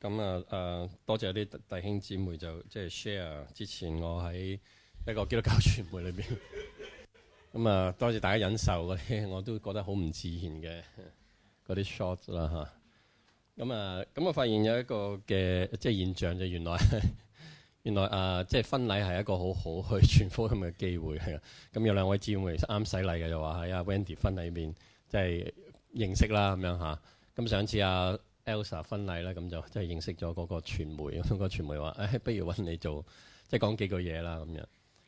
咁啊，誒多謝啲弟兄姊妹就即係、就是、share。之前我喺一個基督教傳媒裏邊，咁 啊多謝大家忍受嗰啲，我都覺得好唔自然嘅嗰啲 shot 啦吓，咁啊，咁、啊、我發現有一個嘅即係現象就原來 原來啊，即、就、係、是、婚禮係一個很好好去傳福音嘅機會啊，咁 有兩位姊妹啱洗禮嘅就話喺阿 Wendy 婚禮裏邊即係認識啦咁樣吓，咁、啊、上一次啊。Elsa 婚禮咧，咁就即係認識咗嗰個傳媒。咁、那個傳媒話：誒、哎，不如搵你做，即係講幾句嘢啦咁樣。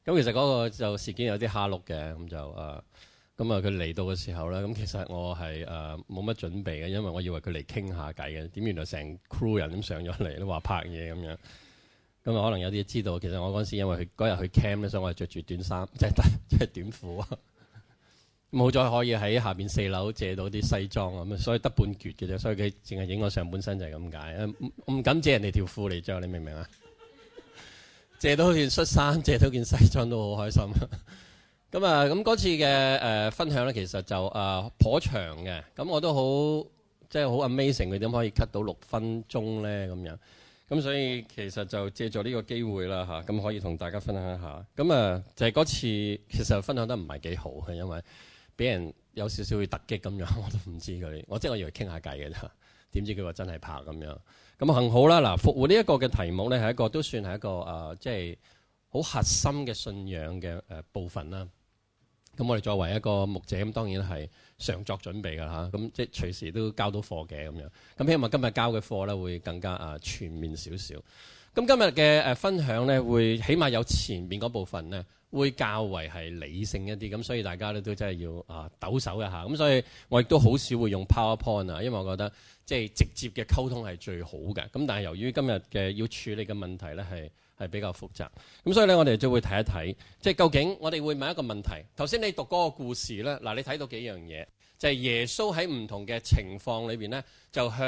咁其實嗰個就事件有啲蝦碌嘅，咁就誒。咁、呃、啊，佢嚟到嘅時候咧，咁其實我係誒冇乜準備嘅，因為我以為佢嚟傾下偈嘅。點原來成 crew 人咁上咗嚟咧，話拍嘢咁樣。咁啊，可能有啲知道，其實我嗰陣時因為去嗰日去 camp 咧，所以我係着住短衫，即係即係短褲。冇再可以喺下邊四樓借到啲西裝，咁所以得半橛嘅啫，所以佢淨係影我上半身就係咁解。唔唔敢借人哋條褲嚟著，你明唔明啊？借到件恤衫，借到件西裝都好開心。咁 啊，咁嗰次嘅、呃、分享咧，其實就誒、呃、頗長嘅。咁我都好即係好 amazing，佢點可以 cut 到六分鐘咧？咁樣，咁所以其實就借助呢個機會啦嚇，咁、啊、可以同大家分享一下。咁啊、呃，就係、是、嗰次其實分享得唔係幾好嘅，因為俾人有少少會突擊咁樣，我都唔知佢。我即係我要傾下偈嘅啫。點知佢話真係拍咁樣。咁幸好啦。嗱，復活呢一個嘅題目咧，係一個都算係一個誒，即係好核心嘅信仰嘅誒、呃、部分啦。咁我哋作為一個牧者，咁當然係常作準備噶吓，咁、啊、即係隨時都交到貨嘅咁樣。咁希望今日交嘅貨咧，會更加誒、呃、全面少少。咁今日嘅誒分享咧，會起碼有前面嗰部分咧。會較為係理性一啲，咁所以大家咧都真係要啊抖手一下。咁所以我亦都好少會用 PowerPoint 啊，因為我覺得即係直接嘅溝通係最好嘅。咁但係由於今日嘅要處理嘅問題咧係係比較複雜，咁所以咧我哋就會睇一睇，即係究竟我哋會問一個問題。頭先你讀嗰個故事咧，嗱你睇到幾樣嘢，就係耶穌喺唔同嘅情況裏邊咧，就向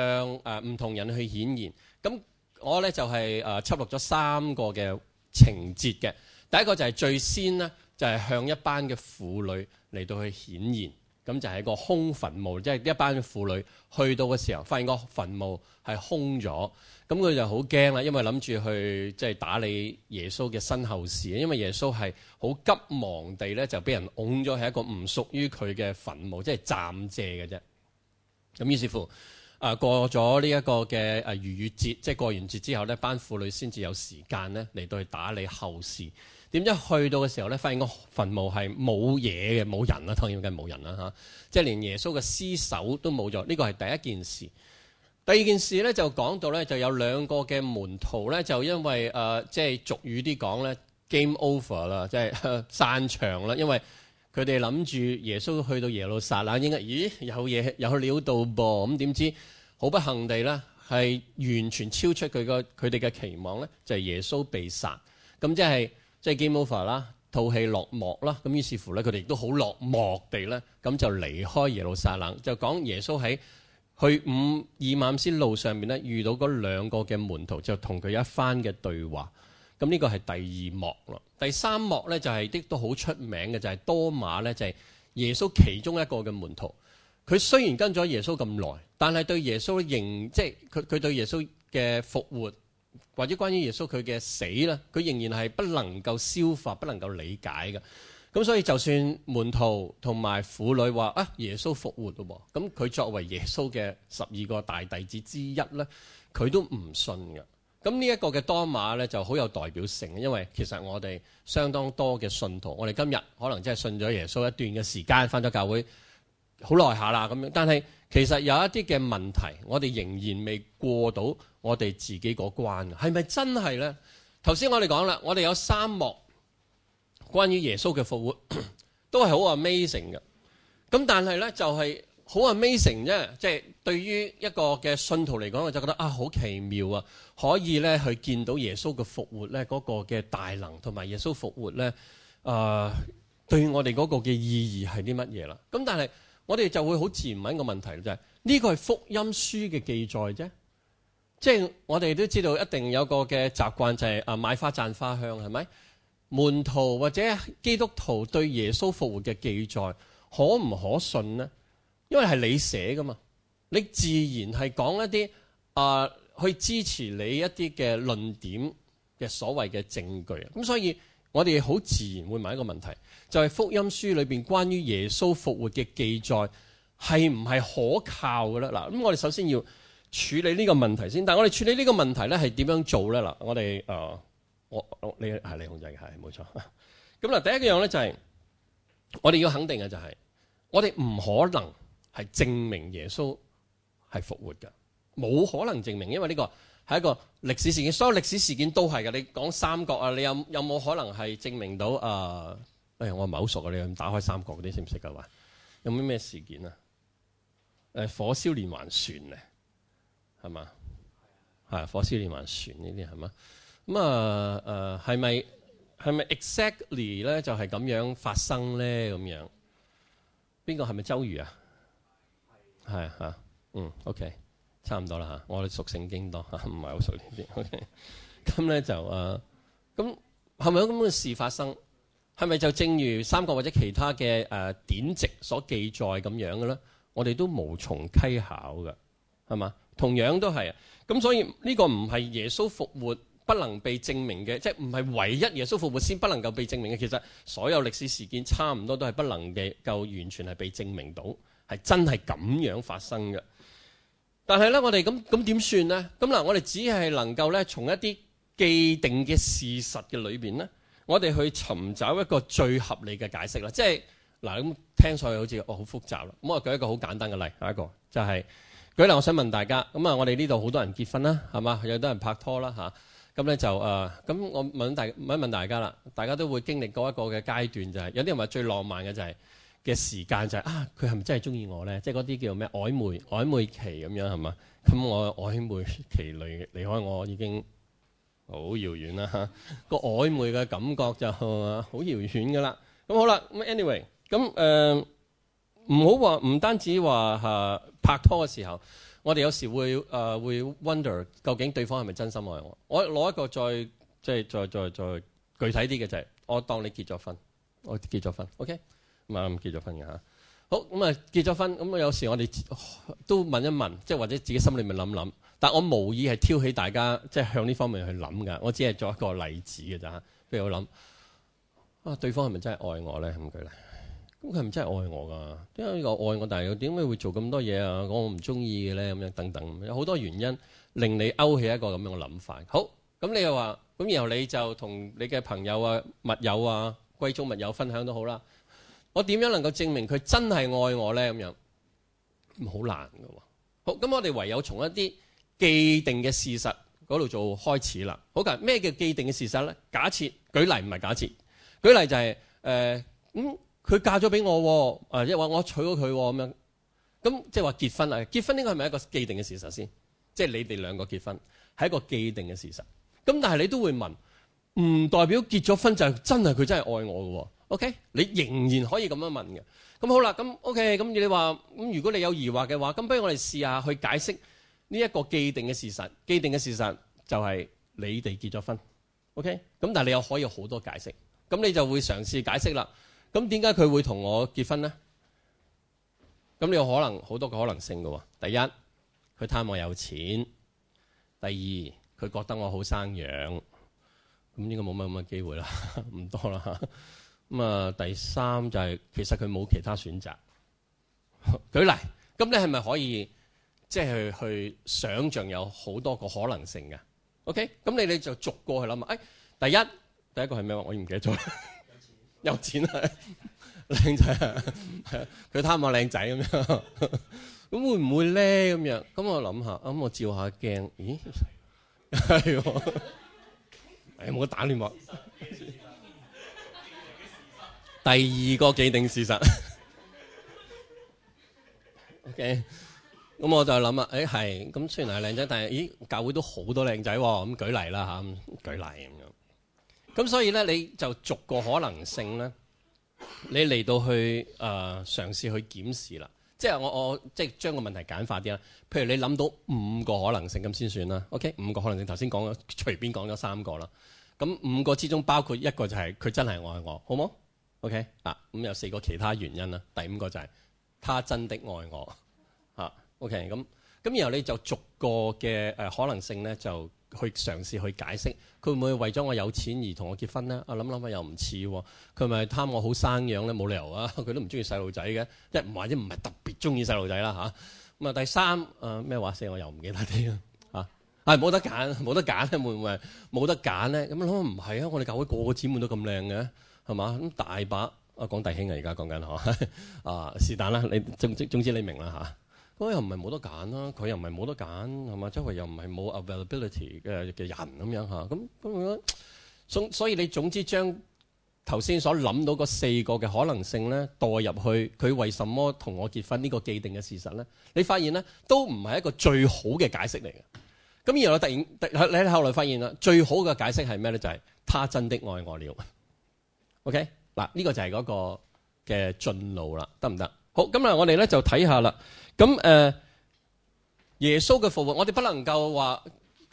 誒唔同人去顯現。咁我咧就係誒輯錄咗三個嘅情節嘅。第一個就係、是、最先呢就係、是、向一班嘅婦女嚟到去顯現，咁就係一個空墳墓，即、就、係、是、一班嘅婦女去到嘅時候，發現個墳墓係空咗，咁佢就好驚啦，因為諗住去即係、就是、打理耶穌嘅身後事，因為耶穌係好急忙地咧就俾人擁咗，喺一個唔屬於佢嘅墳墓，即係暫借嘅啫。咁於是乎，啊過咗呢一個嘅誒逾越節，即、就、係、是、過完節之後呢班婦女先至有時間咧嚟到去打理後事。點知去到嘅時候咧，發現個墳墓係冇嘢嘅，冇人啦、啊，當然梗係冇人啦、啊、吓，即係連耶穌嘅屍首都冇咗。呢個係第一件事。第二件事咧就講到咧，就有兩個嘅門徒咧，就因為誒即係俗語啲講咧，game over 啦，即、就、係、是、 散場啦。因為佢哋諗住耶穌去到耶路撒冷應該，咦有嘢有料到噃、啊。咁點知好不幸地咧，係完全超出佢個佢哋嘅期望咧，就係、是、耶穌被殺。咁即係。即係《Game Over》啦，套戲落幕啦，咁於是乎咧，佢哋亦都好落寞噉咧，咁就離開耶路撒冷。就講耶穌喺去以馬忤斯路上面咧，遇到嗰兩個嘅門徒，就同佢一番嘅對話。咁呢個係第二幕咯。第三幕咧就係、是、亦都好出名嘅，就係、是、多馬咧，就係耶穌其中一個嘅門徒。佢雖然跟咗耶穌咁耐，但係對耶穌仍即係佢佢對耶穌嘅復活。或者關於耶穌佢嘅死咧，佢仍然係不能夠消化、不能夠理解嘅。咁所以就算門徒同埋婦女話啊，耶穌復活咯喎，咁佢作為耶穌嘅十二個大弟子之一咧，佢都唔信嘅。咁呢一個嘅多馬咧就好有代表性，因為其實我哋相當多嘅信徒，我哋今日可能真係信咗耶穌一段嘅時間，翻咗教會好耐下啦咁樣。但係其實有一啲嘅問題，我哋仍然未過到。我哋自己嗰關係咪真係咧？頭先我哋講啦，我哋有三幕關於耶穌嘅復活，都係好 amazing 嘅。咁但係咧，就係好 amazing 啫，即係對於一個嘅信徒嚟講，我就覺得啊好奇妙啊，可以咧去見到耶穌嘅復活咧嗰個嘅大能，同埋耶穌復活咧啊，對我哋嗰個嘅意義係啲乜嘢啦？咁但係我哋就會好自然問一個問題，就係呢個係福音書嘅記載啫。即係我哋都知道，一定有一個嘅習慣就係、是、啊買花讚花香係咪？門徒或者基督徒對耶穌復活嘅記載可唔可信呢？因為係你寫噶嘛，你自然係講一啲啊、呃、去支持你一啲嘅論點嘅所謂嘅證據啊。咁所以我哋好自然會問一個問題，就係、是、福音書裏邊關於耶穌復活嘅記載係唔係可靠㗎喇？嗱，咁我哋首先要處理呢個問題先，但係我哋處理呢個問題咧，係點樣做咧？嗱，我哋誒、呃，我，我你係、啊、你控制嘅，係冇錯。咁嗱，第一樣咧就係、是、我哋要肯定嘅就係、是，我哋唔可能係證明耶穌係復活嘅，冇可能證明，因為呢個係一個歷史事件，所有歷史事件都係嘅。你講三國啊，你有有冇可能係證明到、呃、哎呀，我唔係好熟啊，你打開三國嗰啲識唔識嘅話，有咩咩事件啊？誒、呃，火燒連環船咧。係嘛，係啊？是《火燒連環船》呢啲係嘛咁啊？誒，係咪係咪 exactly 咧？就係咁樣發生咧？咁樣邊個係咪周瑜啊？係吓，嗯，OK，差唔多啦吓。我哋熟聖經多吓，唔係好熟呢啲 OK。咁咧就、誒，咁係咪有咁嘅事發生？係咪就正如三國或者其他嘅、誒、呃、典籍所記載咁樣嘅咧？我哋都無從稽考嘅，係嘛？同樣都係啊，咁所以呢個唔係耶穌復活不能被證明嘅，即係唔係唯一耶穌復活先不能夠被證明嘅。其實所有歷史事件差唔多都係不能嘅，夠完全係被證明到係真係咁樣發生嘅。但係咧，我哋咁咁點算呢？咁嗱，我哋只係能夠咧從一啲既定嘅事實嘅裏邊呢，我哋去尋找一個最合理嘅解釋啦。即係嗱咁聽上去好似哦好複雜啦。咁我舉一個好簡單嘅例子，下一個就係、是。舉例，我想問大家，咁啊，我哋呢度好多人結婚啦，係嘛，有多人拍拖啦嚇，咁咧就咁、誒、我問大問一問大家啦，大家都會經歷嗰一個嘅階段就係、是，有啲人話最浪漫嘅就係、是、嘅時間就係、是、啊，佢係咪真係中意我咧？即係嗰啲叫咩曖昧曖昧期咁樣係嘛？咁我曖昧期離離開我已經好遙遠啦嚇，個、啊、曖昧嘅感覺就好遙遠噶啦。咁好啦，咁 anyway，咁誒。唔好話唔單止話吓、啊、拍拖嘅時候，我哋有時會誒、啊、會 wonder 究竟對方係咪真心愛我？我攞一個再即係再再再,再具體啲嘅就係、是，我當你結咗婚，我結咗婚，OK？咁啊，結咗婚嘅吓，好咁啊、嗯，結咗婚，咁我有時我哋、哦、都問一問，即係或者自己心裏面諗諗，但我無意係挑起大家即係向呢方面去諗噶，我只係做一個例子嘅咋。譬如我諗啊，對方係咪真係愛我咧？咁佢咧？咁佢唔真係愛我噶，點解呢個愛我，但係又點解會做咁多嘢啊？我唔中意嘅咧，咁樣等等，有好多原因令你勾起一個咁樣嘅諗法。好，咁你又話咁，然後你就同你嘅朋友啊、密友啊、貴族密友分享都好啦。我點樣能夠證明佢真係愛我咧？咁樣好難㗎喎。好，咁我哋唯有從一啲既定嘅事實嗰度做開始啦。好啊，咩叫既定嘅事實咧？假設，舉例唔係假設，舉例就係、是呃嗯佢嫁咗俾我，喎，即係話我娶咗佢咁樣，咁即係話結婚啊！結婚呢個係咪一個既定嘅事實先？即係你哋兩個結婚係一個既定嘅事實。咁但係你都會問，唔代表結咗婚就真係佢真係愛我嘅。OK，你仍然可以咁樣問嘅。咁好啦，咁 OK，咁你話咁如果你有疑惑嘅話，咁不如我哋試下去解釋呢一個既定嘅事實。既定嘅事實就係你哋結咗婚。OK，咁但係你又可以好多解釋，咁你就會嘗試解釋啦。咁點解佢會同我結婚呢？咁你有可能好多個可能性㗎喎。第一，佢貪我有錢；第二，佢覺得我好生養。咁應該冇乜咁嘅機會啦，唔多啦。咁啊，第三就係其實佢冇其他選擇。舉例，咁你係咪可以即係去，去想像有好多個可能性㗎？OK，咁你哋就逐個去諗啊，誒。第一，第一個係咩話我已經唔記得咗。 有錢啊，靚仔啊！佢貪下靚仔咁樣，咁會唔會咧？咁樣咁我諗下，咁我照下鏡，咦？係喎！哎，冇打亂。第二個既定事實。 OK，咁我就諗啊，誒、哎、係，咁雖然係靚仔，但係，咦，教會都好多靚仔喎。咁舉例啦嚇，舉例咁樣。咁所以咧，你就逐個可能性咧，你嚟到去誒、呃、嘗試去檢視啦。即係我我即係將個問題簡化啲啦。譬如你諗到五個可能性咁先算啦。OK，五個可能性頭先講咗，隨便講咗三個啦。咁五個之中包括一個就係佢真係愛我，好冇？OK 啊？咁有四個其他原因啦。第五個就係他真的愛我嚇、啊。OK，咁咁然後你就逐個嘅誒可能性咧就。去嘗試去解釋，佢會唔會為咗我有錢而同我結婚咧？啊諗諗下又唔似喎。佢咪貪我好生養咧？冇理由啊，佢都唔中意細路仔嘅，一唔或者唔係特別中意細路仔啦嚇。咁啊第三啊咩話聲我又唔記得啲啊，係、哎、冇得揀，冇得揀咧，會唔會冇得揀咧？咁諗都唔係啊，我哋教會個個姊妹都咁靚嘅，係嘛？咁大把啊講弟兄啊，而家講緊嚇啊是但啦，你總，總之你明啦嚇。啊我又唔係冇得揀啦，佢又唔係冇得揀，係嘛？周圍又唔係冇 availability 嘅嘅人咁樣吓，咁咁樣，所以你總之將頭先所諗到嗰四個嘅可能性咧，代入去佢為什麼同我結婚呢個既定嘅事實咧？你發現咧都唔係一個最好嘅解釋嚟嘅。咁然後突然，你喺後來發現啦，最好嘅解釋係咩咧？就係、是、他真的愛我了。OK，嗱呢個就係嗰個嘅進路啦，得唔得？好，咁嗱我哋咧就睇下啦。咁誒，耶穌嘅復活，我哋不能夠話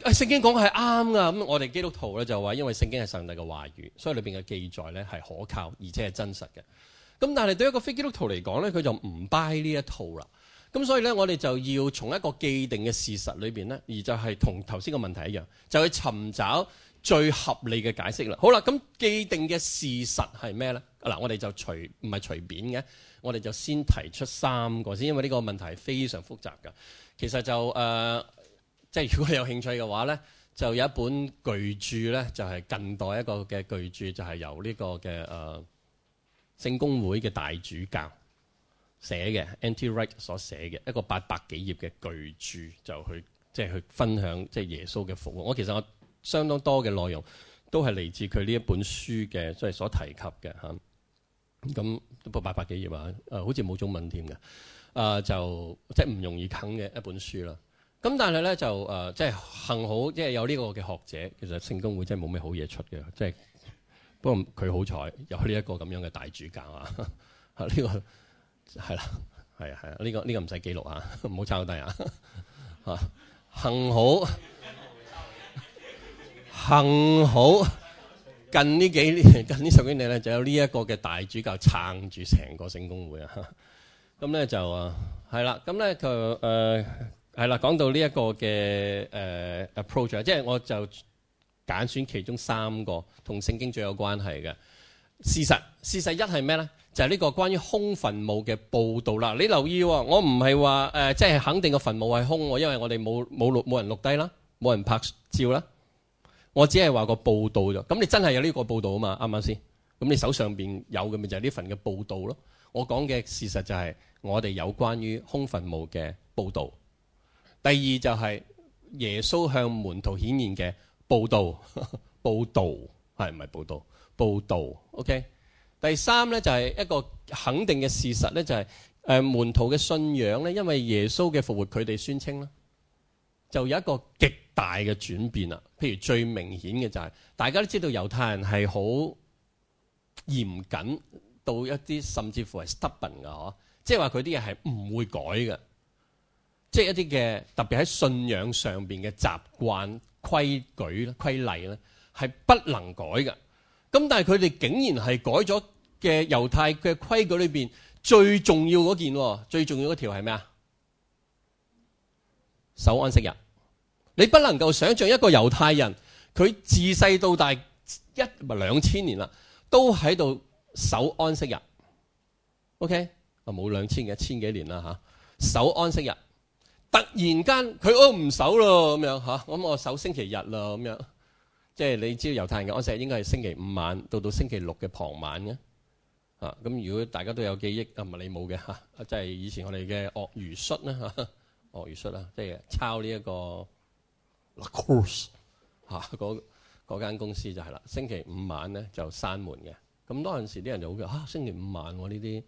聖經講係啱㗎。咁我哋基督徒咧就話，因為聖經係上帝嘅話語，所以裏面嘅記載咧係可靠而且係真實嘅。咁但係對一個非基督徒嚟講咧，佢就唔 buy 呢一套啦。咁所以咧，我哋就要從一個既定嘅事實裏面咧，而就係同頭先個問題一樣，就去尋找最合理嘅解釋啦。好啦，咁既定嘅事實係咩咧？嗱，我哋就隨唔係隨便嘅。我哋就先提出三個先，因為呢個問題非常複雜噶。其實就誒、呃，即係如果你有興趣嘅話咧，就有一本巨著咧，就係、是、近代一個嘅巨著，就係、是、由呢個嘅誒聖公會嘅大主教寫嘅，N.T. Wright 所寫嘅一個八百幾頁嘅巨著，就去即係、就是、去分享即係耶穌嘅復活。我其實我相當多嘅內容都係嚟自佢呢一本書嘅，即係所提及嘅嚇。咁都八百幾頁啊？誒，好似冇中文添嘅，誒就即係唔容易啃嘅一本書啦。咁但係咧就誒，即係幸好即係有呢個嘅學者，其實聖公會真係冇咩好嘢出嘅，即係不過佢好彩有呢一個咁樣嘅大主教啊。呢個係啦，係啊，係啊，呢個呢個唔使記錄啊，唔好抄低啊。啊，幸好，幸好。近呢幾年，近呢十幾年咧，就有呢一個嘅大主教撐住成個聖公會啊。咁咧就啊，係啦。咁咧就誒係啦。講到呢一個嘅誒 approach 即係我就揀選其中三個同聖經最有關係嘅事實。事實一係咩咧？就係、是、呢個關於空墳墓嘅報導啦。你留意，我唔係話誒，即係肯定個墳墓係空，因為我哋冇冇錄，冇人錄低啦，冇人拍照啦。我只係話個報道啫，咁你真係有呢個報道啊嘛？啱唔啱先？咁你手上邊有嘅咪就係呢份嘅報道咯。我講嘅事實就係我哋有關於空墳墓嘅報道。第二就係耶穌向門徒顯現嘅報道，報道係唔係報道？報道，OK。第三呢就係一個肯定嘅事實呢，就係，就係誒門徒嘅信仰呢，因為耶穌嘅復活，佢哋宣稱啦，就有一個極大嘅轉變啦，譬如最明顯嘅就係、是、大家都知道猶太人係好嚴謹到一啲，甚至乎係 stubborn 嘅呵，即係話佢啲嘢係唔會改嘅，即係一啲嘅特別喺信仰上邊嘅習慣規矩、規例咧，係不能改㗎。咁但係佢哋竟然係改咗嘅猶太嘅規矩裏邊最重要嗰件，最重要嗰條係咩啊？守安息日。你不能夠想象一個猶太人，佢自細到大一唔係兩千年啦，都喺度守安息日。O、okay? K，啊冇兩千嘅，千幾年啦吓，守、啊、安息日。突然間佢都唔守咯，咁、哦、樣吓，咁、啊、我守星期日啦，咁樣。即、就、係、是、你知道猶太人嘅安息日應該係星期五晚到到星期六嘅傍晚嘅。啊，咁、啊、如果大家都有記憶，唔、啊、係你冇嘅吓，即、啊、係、就是、以前我哋嘅鱷魚恤啦，吓、啊，鱷魚恤啦，即、就、係、是、抄呢、這、一個。course 嚇、啊，嗰間公司就係啦。星期五晚咧就閂門嘅。咁多陣時啲人就好嘅嚇，星期五晚我呢啲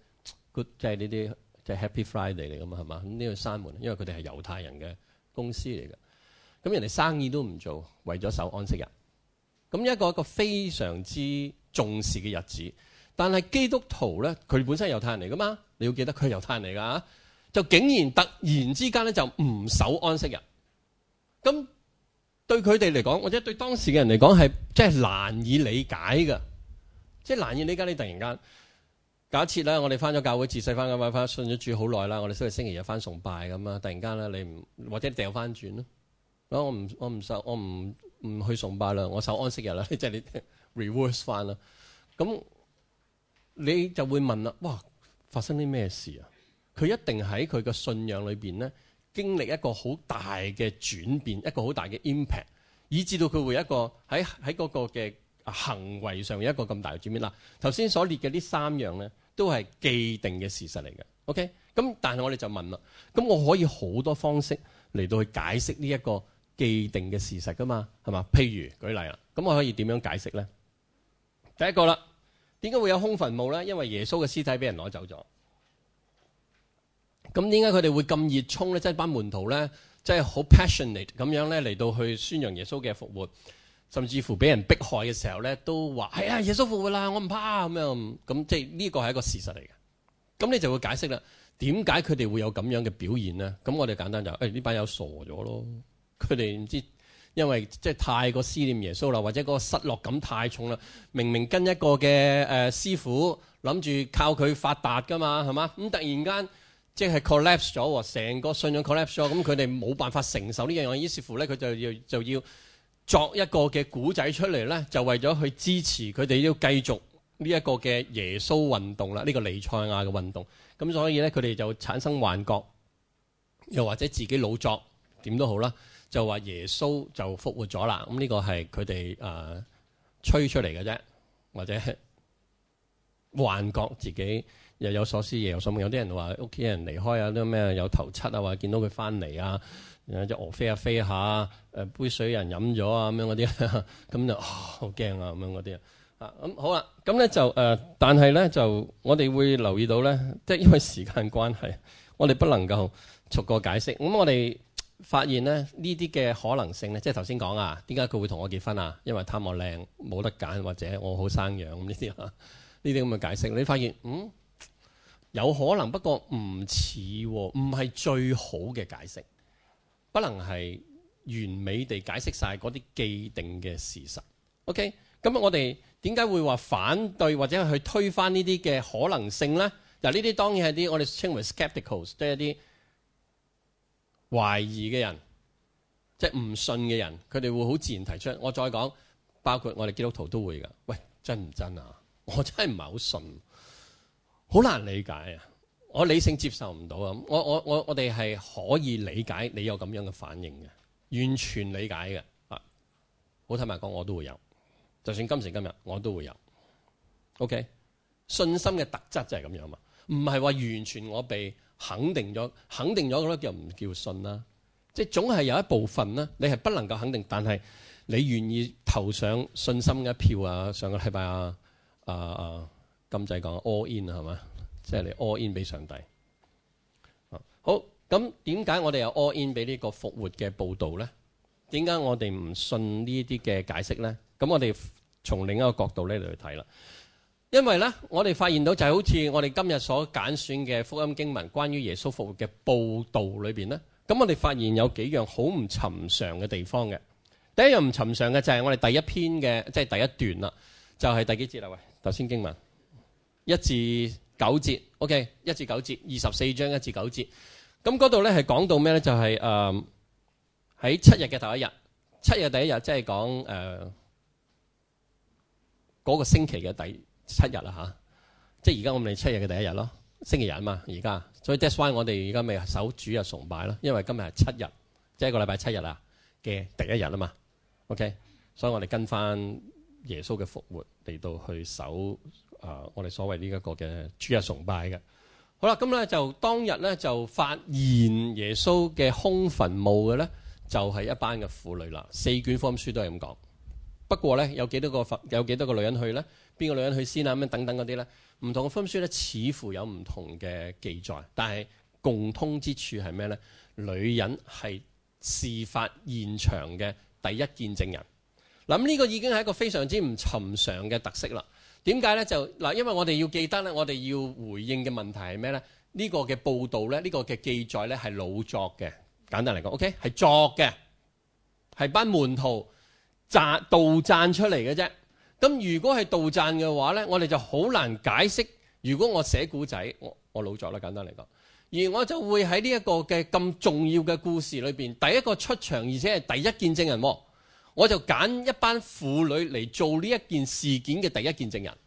good 即係呢啲即係 Happy Friday 嚟㗎嘛係嘛？咁呢、呢個閂門，因為佢哋係猶太人嘅公司嚟嘅。咁人哋生意都唔做，為咗守安息日。咁一個一個非常之重視嘅日子。但係基督徒咧，佢本身係猶太人嚟㗎嘛，你要記得佢係猶太人嚟㗎啊，就竟然突然之間咧就唔守安息日。咁對佢哋嚟講，或者對當時嘅人嚟講，係即係難以理解嘅，即係難以理解你突然間，假設咧，我哋翻咗教會，自細翻咁樣翻信咗主好耐啦，我哋所以星期日翻崇拜咁啊，突然間咧，你唔或者掉翻轉咯，我唔我唔受我唔唔去崇拜啦，我守安息日啦，即係你 reverse 翻啦，咁你就會問啦，哇，發生啲咩事啊？佢一定喺佢嘅信仰裏邊咧。經歷一個好大嘅轉變，一個好大嘅 impact，以至到佢會一個喺喺嗰個嘅行為上有一個咁大嘅轉變啦。嗱，頭先所列嘅呢三樣咧，都係既定嘅事實嚟嘅。OK，咁但係我哋就問啦，咁我可以好多方式嚟到去解釋呢一個既定嘅事實噶嘛，係嘛？譬如舉例啦，咁我可以點樣解釋咧？第一個啦，點解會有空墳墓咧？因為耶穌嘅屍體俾人攞走咗。咁點解佢哋會咁熱衷咧？即係班門徒咧，即係好 passionate 咁樣咧嚟到去宣揚耶穌嘅復活，甚至乎俾人迫害嘅時候咧，都話哎呀，耶穌復活啦，我唔怕咁樣。咁即係呢個係一個事實嚟嘅。咁你就會解釋啦，點解佢哋會有咁樣嘅表現呢？咁我哋簡單就誒呢班友傻咗咯。佢哋唔知因為即係、就是、太過思念耶穌啦，或者個個失落感太重啦。明明跟一個嘅誒、呃、師傅，諗住靠佢發達噶嘛，係嘛？咁突然間。即係 collapse 咗，成個信仰 collapse 咗，咁佢哋冇辦法承受呢樣嘢，於是乎咧，佢就要就要作一個嘅古仔出嚟咧，就為咗去支持佢哋要繼續呢一個嘅耶穌運動啦，呢個尼賽亞嘅運動。咁所以咧，佢哋就產生幻覺，又或者自己老作點都好啦，就話耶穌就復活咗啦。咁呢個係佢哋誒吹出嚟嘅啫，或者幻覺自己。日有所思，夜有所夢。有啲人話屋企人離開啊，啲咩有，有頭七啊，或見到佢翻嚟啊，誒隻鵝飛下飛下，杯水人飲咗、哦、啊，咁樣嗰啲咁就好驚啊，咁樣嗰啲啊。咁好啦，咁咧就誒，但係咧就我哋會留意到咧，即係因為時間關係，我哋不能夠逐個解釋。咁我哋發現咧呢啲嘅可能性咧，即係頭先講啊，點解佢會同我結婚啊？因為貪我靚，冇得揀，或者我好生養咁呢啲啊，呢啲咁嘅解釋。你發現嗯？有可能，不過唔似，唔係最好嘅解釋，不能係完美地解釋晒嗰啲既定嘅事實。OK，咁我哋點解會話反對或者去推翻呢啲嘅可能性咧？嗱，呢啲當然係啲我哋稱為 skepticals，即係一啲懷疑嘅人，即係唔信嘅人，佢哋會好自然提出。我再講，包括我哋基督徒都會噶。喂，真唔真啊？我真係唔係好信啊。好難理解啊！我理性接受唔到啊！我我我我哋係可以理解你有咁樣嘅反應嘅，完全理解嘅啊！好坦白講，我都會有，就算今時今日我都會有。OK，信心嘅特質就係咁樣嘛，唔係話完全我被肯定咗，肯定咗嗰啲又唔叫信啦？即係總係有一部分啦，你係不能夠肯定，但係你願意投上信心嘅一票啊！上個禮拜啊啊啊！啊啊咁仔講 all in 係嘛，即係你 all in 俾上帝。好，咁點解我哋又 all in 俾呢個復活嘅報道咧？點解我哋唔信呢啲嘅解釋咧？咁我哋從另一個角度咧嚟睇啦。因為咧，我哋發現到就係好似我哋今日所揀選嘅福音經文，關於耶穌復活嘅報道裏邊咧，咁我哋發現有幾樣好唔尋常嘅地方嘅。第一樣唔尋常嘅就係我哋第一篇嘅，即係第一段啦，就係第幾節啦？喂，頭先經文。一至九節，OK，一至九節，二十四章一至九節。咁嗰度咧係講到咩咧？就係誒喺七日嘅頭一日，七日第一日，即係講誒嗰個星期嘅第七日啦吓，啊。即係而家我哋七日嘅第一日咯，星期日啊嘛，而家。所以 that’s why 我哋而家咪守主日崇拜咯，因為今日係七日，即係個禮拜七日啊嘅第一日啊嘛。OK，所以我哋跟翻耶穌嘅復活嚟到去守。啊、呃！我哋所謂呢一個嘅主日崇拜嘅好啦，咁咧就當日咧就發現耶穌嘅空墳墓嘅咧，就係、是、一班嘅婦女啦。四卷福音書都係咁講，不過咧有幾多個有幾多個女人去咧？邊個女人去先啦、啊？咁樣等等嗰啲咧，唔同嘅福音書咧，似乎有唔同嘅記載，但係共通之處係咩咧？女人係事發現場嘅第一見證人。嗱，呢個已經係一個非常之唔尋常嘅特色啦。點解呢？就嗱，因為我哋要記得呢，我哋要回應嘅問題係咩呢？呢個嘅報道呢，呢個嘅記載呢，係老作嘅。簡單嚟講，OK，係作嘅，係班門徒杜、杜撰出嚟嘅啫。咁如果係杜撰嘅話呢，我哋就好難解釋。如果我寫古仔，我我老作啦。簡單嚟講，而我就會喺呢一個嘅咁重要嘅故事裏邊，第一個出場，而且係第一見證人。我就揀一班婦女嚟做呢一件事件嘅第一見證人，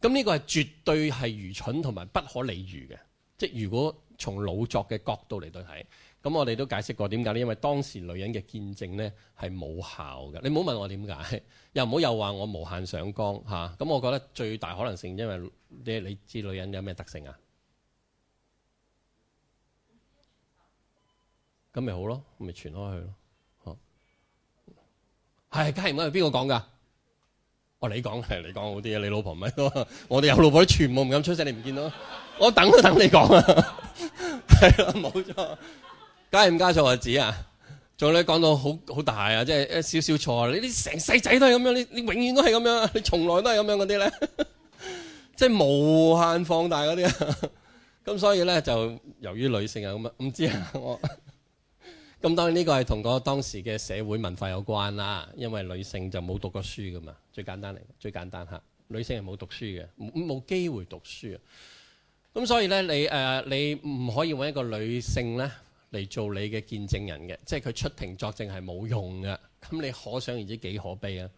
咁呢個係絕對係愚蠢同埋不可理喻嘅。即係如果從老作嘅角度嚟到睇，咁我哋都解釋過點解，因為當時女人嘅見證呢，係冇效嘅。你唔好問我點解，又唔好又話我無限上綱吓。咁我覺得最大可能性，因為你，你知女人有咩特性啊？咁咪好咯，咪傳開去咯。係、哎，加唔加？邊個講噶？我、哦、你講係你講好啲啊！你老婆咪多，我哋有老婆你全部唔敢出聲，你唔見到？我等都等你講啊！係啦，冇錯。加唔加錯我子啊，仲有你講到好好大啊！即係一少少錯，你啲成世仔都係咁樣，你你永遠都係咁樣，你從來都係咁樣嗰啲咧，即係無限放大嗰啲啊！咁所以咧，就由於女性啊，咁啊，唔知啊，我。咁當然呢個係同個當時嘅社會文化有關啦，因為女性就冇讀過書噶嘛，最簡單嚟，最簡單吓。女性係冇讀書嘅，冇機會讀書啊。咁所以咧，你、呃、你唔可以揾一個女性咧嚟做你嘅見證人嘅，即係佢出庭作證係冇用嘅。咁你可想而知幾可悲啊。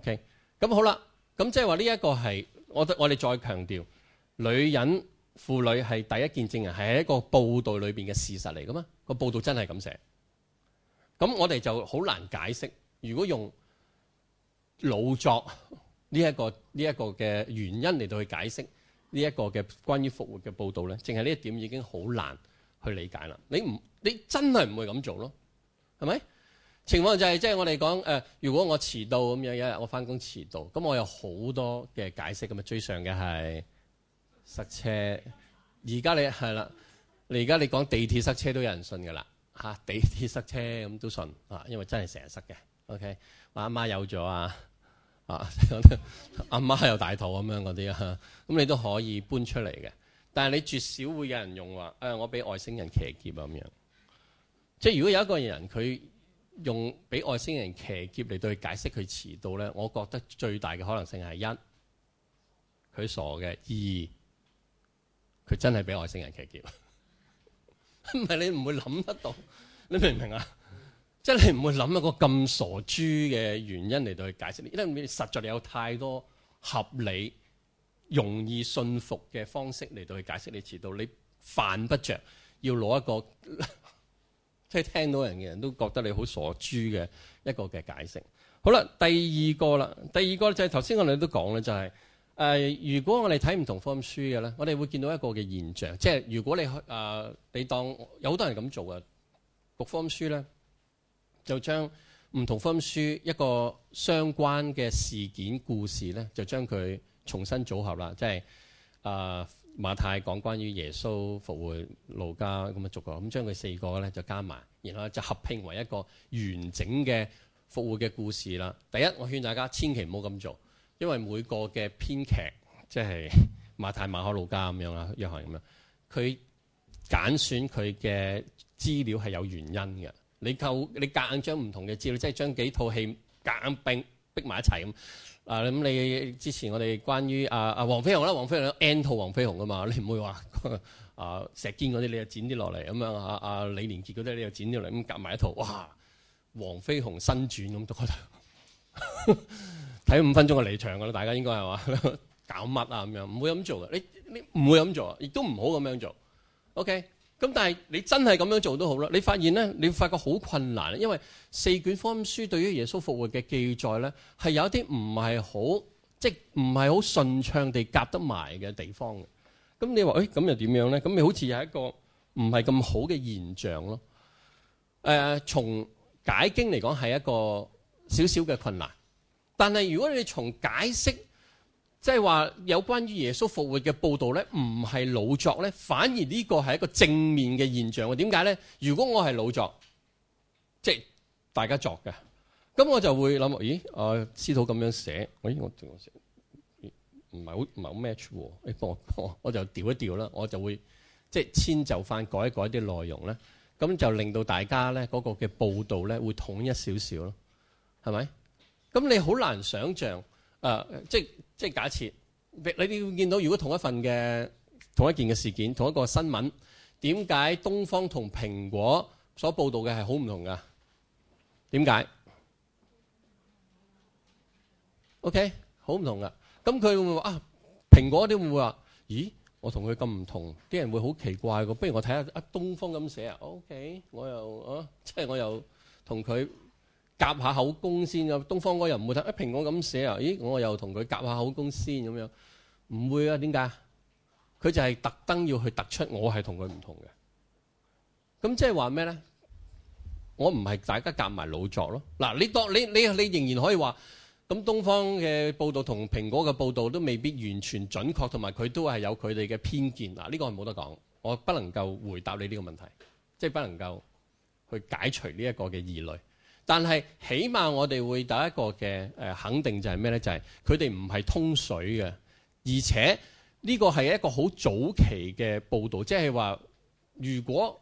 OK，咁好啦，咁即係話呢一個係我我哋再強調，女人婦女係第一見證人，係一個報道裏面嘅事實嚟噶嘛，個報道真係咁寫。咁我哋就好難解釋。如果用老作呢一個呢一個嘅原因嚟到去解釋呢一個嘅關於復活嘅報導咧，淨係呢一點已經好難去理解啦。你唔你真係唔會咁做咯，係咪？情況就係、是、即係我哋講、呃、如果我遲到咁樣，有一日我翻工遲到，咁我，我有好多嘅解釋咁嘛。最常嘅係塞車。而家你係啦，你而家你講地鐵塞車都有人信㗎啦。嚇，啊，地鐵塞車咁都信，啊，因為真係成日塞嘅。OK，阿媽有咗啊，啊，阿媽有大肚咁樣嗰啲啊，咁，啊啊，你都可以搬出嚟嘅。但係你絕少會有人用話，啊，我俾外星人騎劫啊咁樣。即係如果有一個人佢用俾外星人騎劫嚟對佢解釋佢遲到咧，我覺得最大嘅可能性係一，佢傻嘅；二，佢真係俾外星人騎劫。唔 係你唔會諗得到，你明唔明啊？即係你唔會諗一個咁傻豬嘅原因嚟到去解釋你，因為實在你有太多合理、容易信服嘅方式嚟到去解釋你遲到，你犯不着，要攞一個即係 聽到人嘅人都覺得你好傻豬嘅一個嘅解釋。好啦，第二個啦，第二個就係頭先我哋都講咧，就係。誒，如果我哋睇唔同福音書嘅咧，我哋會見到一個嘅現象，即係如果你去、啊、你當有好多人咁做嘅讀福音書咧，就將唔同福音書一個相關嘅事件故事咧，就將佢重新組合啦，即係誒、啊、馬太講關於耶穌復活，路加咁嘅逐個，咁將佢四個咧就加埋，然後就合拼為一個完整嘅復活嘅故事啦。第一，我勸大家千祈唔好咁做。因為每個嘅編劇，即係馬太、馬可、路加咁樣啦，約翰咁樣，佢揀選佢嘅資料係有原因嘅。你夠你夾硬將唔同嘅資料，即係將幾套戲夾硬並逼埋一齊咁。嗱、啊、咁你之前我哋關於阿阿黃飛鴻啦，黃飛鴻 N 套黃飛鴻啊嘛，你唔會話啊石堅嗰啲，你又剪啲落嚟咁樣啊？阿、啊啊、李連杰嗰啲，你又剪啲落嚟咁夾埋一套，哇！黃飛鴻新傳咁都覺得。呵呵睇五分鐘嘅離場噶啦，大家應該係話搞乜啊？咁樣唔會咁做嘅，你你唔會咁做，亦都唔好咁樣做。OK，咁但係你真係咁樣做都好啦。你發現咧，你發覺好困難，因為四卷福音書對於耶穌復活嘅記載咧，係有一啲唔係好即係唔係好順暢地夾得埋嘅地方嘅。咁你話誒咁又點樣咧？咁你好似係一個唔係咁好嘅現象咯。誒、呃，從解經嚟講係一個少少嘅困難。但係如果你從解釋，即係話有關於耶穌復活嘅報導咧，唔係老作咧，反而呢個係一個正面嘅現象。點解咧？如果我係老作，即係大家作嘅，咁我就會諗：咦，啊司徒咁樣寫，咦我仲寫唔唔係好唔係好 match 喎？你幫我，我，我就調一調啦，我就會即係遷就翻改一改啲內容咧，咁就令到大家咧嗰個嘅報導咧會統一少少咯，係咪？咁你好難想像，誒，即即係假設，你哋會見到如果同一份嘅同一件嘅事件，同一個新聞，點解東方同蘋果所報導嘅係好唔同噶？點解？OK，好唔同噶。咁佢會唔會話啊，蘋果啲會唔會話，咦，我同佢咁唔同，啲人會好奇怪嘅。不如我睇下啊，東方咁寫啊，OK，我又啊，即係我又同佢。夾下口供先啊！東方嗰人唔會睇誒蘋果咁寫啊？咦，我又同佢夾下口供先咁樣唔會啊？點解佢就係特登要去突出我係同佢唔同嘅咁，即係話咩咧？我唔係大家夾埋老作咯嗱。你當你你你仍然可以話咁東方嘅報導同蘋果嘅報導都未必完全準確，同埋佢都係有佢哋嘅偏見嗱。呢個係冇得講，我不能夠回答你呢個問題，即係不能夠去解除呢一個嘅疑慮。但係，起碼我哋會第一個嘅肯定，就係咩咧？就係佢哋唔係通水嘅，而且呢個係一個好早期嘅報道，即係話如果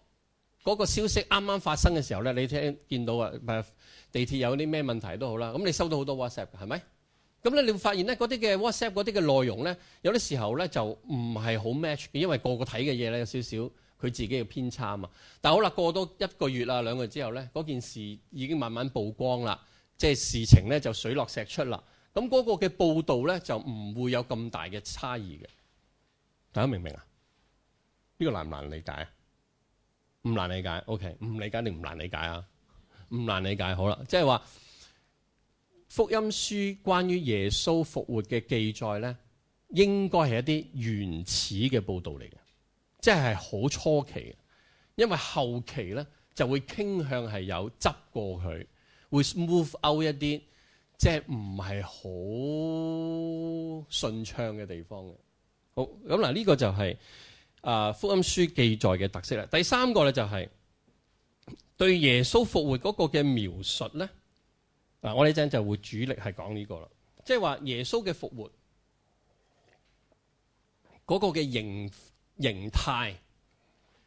嗰個消息啱啱發生嘅時候咧，你聽見到啊，唔係地鐵有啲咩問題都好啦，咁你收到好多 WhatsApp 嘅係咪？咁咧，你會發現咧，嗰啲嘅 WhatsApp 嗰啲嘅內容咧，有啲時候咧就唔係好 match 嘅，因為個個睇嘅嘢咧有少少。佢自己嘅偏差啊嘛，但係好啦，過多一個月啦，兩個月之後咧，嗰件事已經慢慢曝光啦，即係事情咧就水落石出啦。咁嗰個嘅報道咧就唔會有咁大嘅差異嘅，大家明唔明啊？呢個難唔難理解啊？唔難理解，OK，唔理解定唔難理解啊？唔難理解，好啦，即係話福音書關於耶穌復活嘅記載咧，應該係一啲原始嘅報道嚟嘅。即係好初期，因為後期呢就會傾向係有執過佢，會 smooth out 一啲即係唔係好順暢嘅地方嘅。好，咁嗱，呢個就係啊福音書記載嘅特色啦。第三個呢、就係，就係對耶穌復活嗰個嘅描述呢。啊我呢陣就會主力係講呢、呢個啦，即係話耶穌嘅復活嗰、嗰個嘅形。形態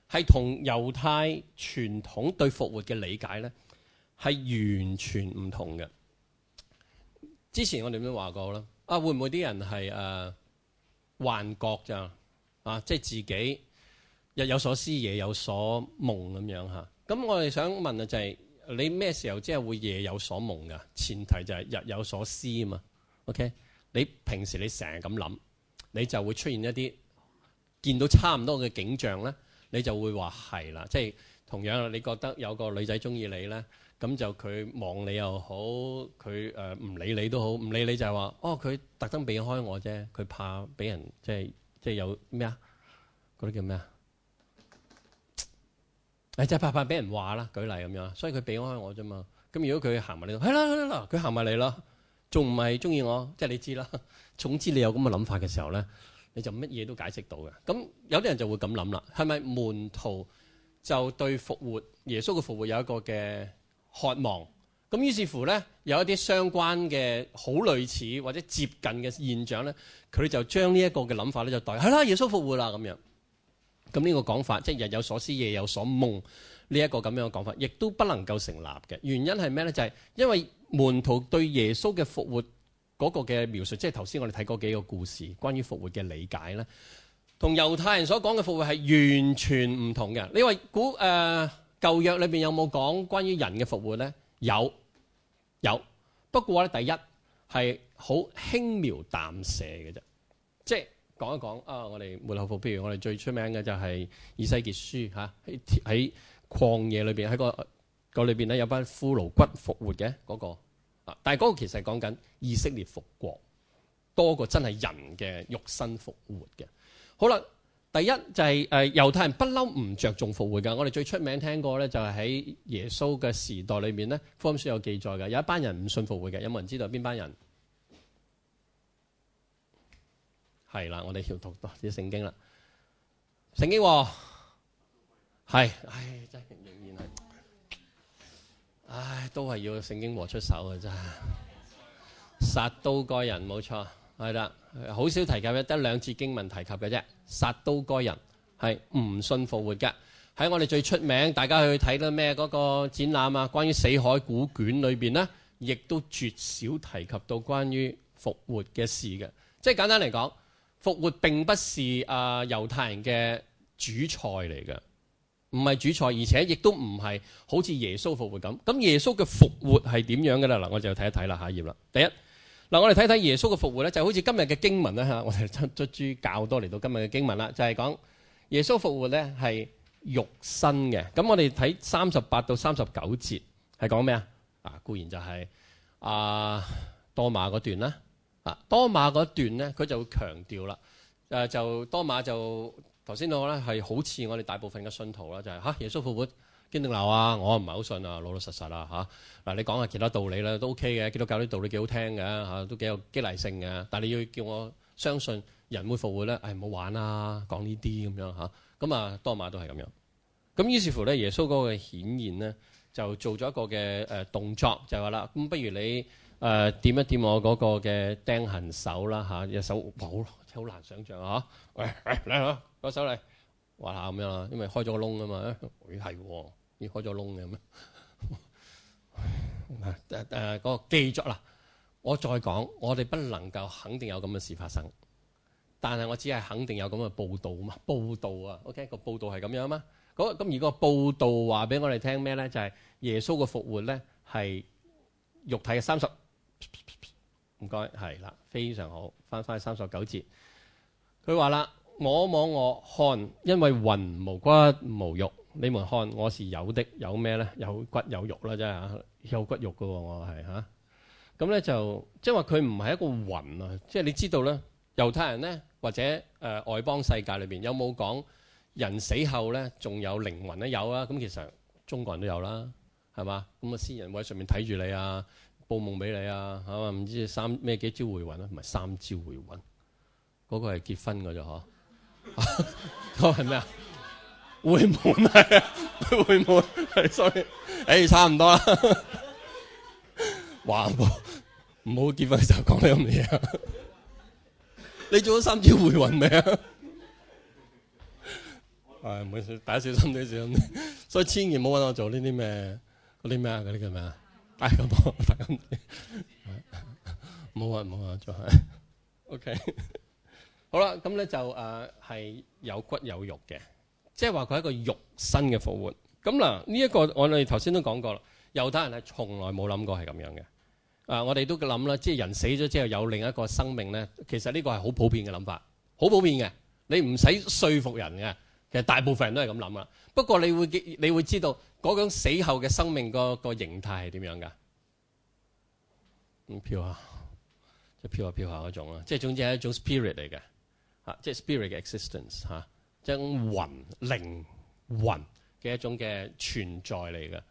係同猶太傳統對復活嘅理解咧，係完全唔同嘅。之前我哋都話過啦。啊，會唔會啲人係誒、呃、幻覺咋？啊，即係自己日有所思夜有所夢咁樣吓。咁我哋想問就係、是、你咩時候即係會夜有所夢噶前提就係日有所思啊嘛。OK，你平時你成日咁諗，你就會出現一啲。見到差唔多嘅景象咧，你就會話係啦。即係同樣，你覺得有個女仔中意你咧，咁就佢望你又好，佢誒唔理你都好，唔理你就係話哦，佢特登避開我啫，佢怕俾人即係即係有咩啊？嗰啲叫咩啊？誒，即係怕怕俾人話啦。舉例咁樣，所以佢避開我啫嘛。咁如果佢行埋你度，係啦，嗱，佢行埋你啦，仲唔係中意我？即係你知啦。總之你有咁嘅諗法嘅時候咧。你就乜嘢都解釋到嘅，咁有啲人就會咁諗啦，係咪門徒就對復活，耶穌嘅復活有一個嘅渴望？咁於是乎咧，有一啲相關嘅好類似或者接近嘅現象咧，佢就將呢一個嘅諗法咧就代係啦，耶穌復活啦咁樣。咁呢個講法即係日有所思夜有所夢呢一個咁樣嘅講法，亦都不能夠成立嘅。原因係咩咧？就係因為門徒對耶穌嘅復活。嗰個嘅描述，即係頭先我哋睇過幾個故事，關於復活嘅理解咧，同猶太人所講嘅復活係完全唔同嘅。你話古誒舊約裏邊有冇講關於人嘅復活咧？有，有。不過咧，第一係好輕描淡寫嘅啫，即係講一講啊。我哋末後復，譬如我哋最出名嘅就係以西結書嚇，喺喺曠野裏邊，喺個個裏邊咧，有班骷髏骨復活嘅嗰個，但係個其實係講緊以色列復國多過真係人嘅肉身復活嘅。好啦，第一就係誒猶太人不嬲唔着重復活嘅。我哋最出名的聽過咧，就係喺耶穌嘅時代裏面咧，福音書有記載嘅。有一班人唔信復活嘅，有冇人知道邊班人？係啦，我哋要讀多啲聖經啦。聖經係唉真係。唉，都係要聖經和出手嘅真係，撒都該人冇錯，係啦，好少提及，一得兩次經文提及嘅啫，撒都該人係唔信復活嘅。喺我哋最出名，大家去睇到咩嗰個展覽啊？關於死海古卷裏邊呢，亦都絕少提及到關於復活嘅事嘅。即係簡單嚟講，復活並不是啊猶太人嘅主菜嚟嘅。唔係主菜，而且亦都唔係好似耶穌復活咁。咁耶穌嘅復活係點樣嘅啦？嗱，我就睇一睇啦，下一頁啦。第一，嗱，我哋睇睇耶穌嘅復活咧，就好似今日嘅經文咧吓，我哋出捉住較多嚟到今日嘅經文啦，就係講耶穌復活咧係肉身嘅。咁我哋睇三十八到三十九節係講咩啊？啊，固然就係啊多馬嗰段啦。啊多馬嗰段咧，佢就會強調啦。誒，就多馬就。頭先我咧係好似我哋大部分嘅信徒啦，就係、是、嚇耶穌復活堅定流啊！我唔係好信啊，老老實實啊嚇嗱，你講下其他道理啦，都 OK 嘅，基督教啲道理幾好聽嘅嚇，都幾有激勵性嘅。但係你要叫我相信人會復活咧，唔、哎、好玩啦，講呢啲咁樣嚇咁啊，多馬都係咁樣。咁於是乎咧，耶穌嗰個顯現咧就做咗一個嘅誒、呃、動作，就係話啦，咁不如你誒點、呃、一點我嗰個嘅釘痕手啦嚇，一手保。好好難想象啊！喂喂，嚟啦，攞，那個手嚟，話下咁樣啦，因為開咗個窿啊嘛。咦、啊、係，咦、啊，開咗窿嘅咩？誒、啊，啊啊那個記着啦，我再講，我哋不能夠肯定有咁嘅事發生，但係我只係肯定有咁嘅報道啊嘛。報道啊，OK，個報道係咁樣啊嘛。咁咁，而個報道話俾我哋聽咩咧？就係、是、耶穌嘅復活咧，係肉體嘅三十唔該，係啦，非常好，翻翻三十九節。佢話啦：我望我，我看，因為魂無骨無肉。你們看我是有的，有咩咧？有骨有肉啦，真係嚇，有骨肉嘅喎。我係嚇，咁、啊、咧、嗯、就即係話佢唔係一個魂啊。即、就、係、是、你知道咧，猶太人咧或者誒、呃、外邦世界裏邊有冇講人死後咧仲有靈魂咧有啊？咁其實中國人都有啦，係嘛？咁啊，先人會喺上面睇住你啊，報夢俾你啊係嘛？唔知道三咩幾招回魂啊？唔係三招回魂。嗰、那個係結婚嘅啫嗬，嗰、 啊那個係咩啊？回門係啊， 回門係所以，誒 回門、 哎、差唔多啦。話唔好結婚就講呢咁嘢啊！ 你做咗三招回魂未啊？誒、 哎，唔好意思，大家小心啲啲，小心 所以千祈唔好搵我做呢啲咩嗰啲咩嗰啲叫咩啊？大金多。大金寶，冇啊冇啊，就係、啊啊、 OK。好啦，咁咧就誒係、呃、有骨有肉嘅，即係話佢係一個肉身嘅復活。咁嗱，呢、這、一個我哋頭先都講過啦。猶太人係從來冇諗過係咁樣嘅、呃。我哋都諗啦，即係人死咗之後有另一個生命咧。其實呢個係好普遍嘅諗法，好普遍嘅。你唔使說服人嘅，其實大部分人都係咁諗啦。不過你會，你會知道嗰種死後嘅生命個形態係點樣㗎？咁飄下，即係飄下飄下嗰種啊！即係總之係一種 spirit 嚟嘅。啊、即係 spirit existence 吓、啊，即係一種魂靈魂嘅一種嘅存在嚟嘅，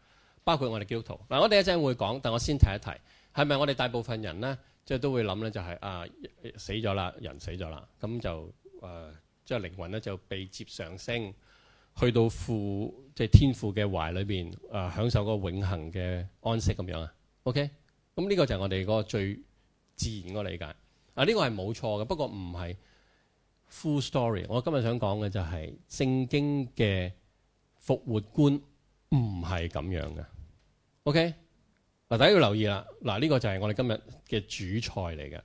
包括我哋基督徒。嗱、啊，我哋一陣會講，但我先提一提，係咪我哋大部分人咧，即、就、係、是、都會諗咧、就是，就係啊死咗啦，人死咗啦，咁就即將、啊就是、靈魂咧就被接上升，去到父即係天父嘅懷裏邊，誒、啊、享受嗰個永恆嘅安息咁樣啊？OK，咁呢個就係我哋嗰個最自然嘅理解。嗱、啊，呢、這個係冇錯嘅，不過唔係。Full story，我今日想講嘅就係、是、聖經嘅復活觀唔係咁樣嘅。OK，嗱，大家要留意啦。嗱、這、呢個就係我哋今日嘅主菜嚟嘅。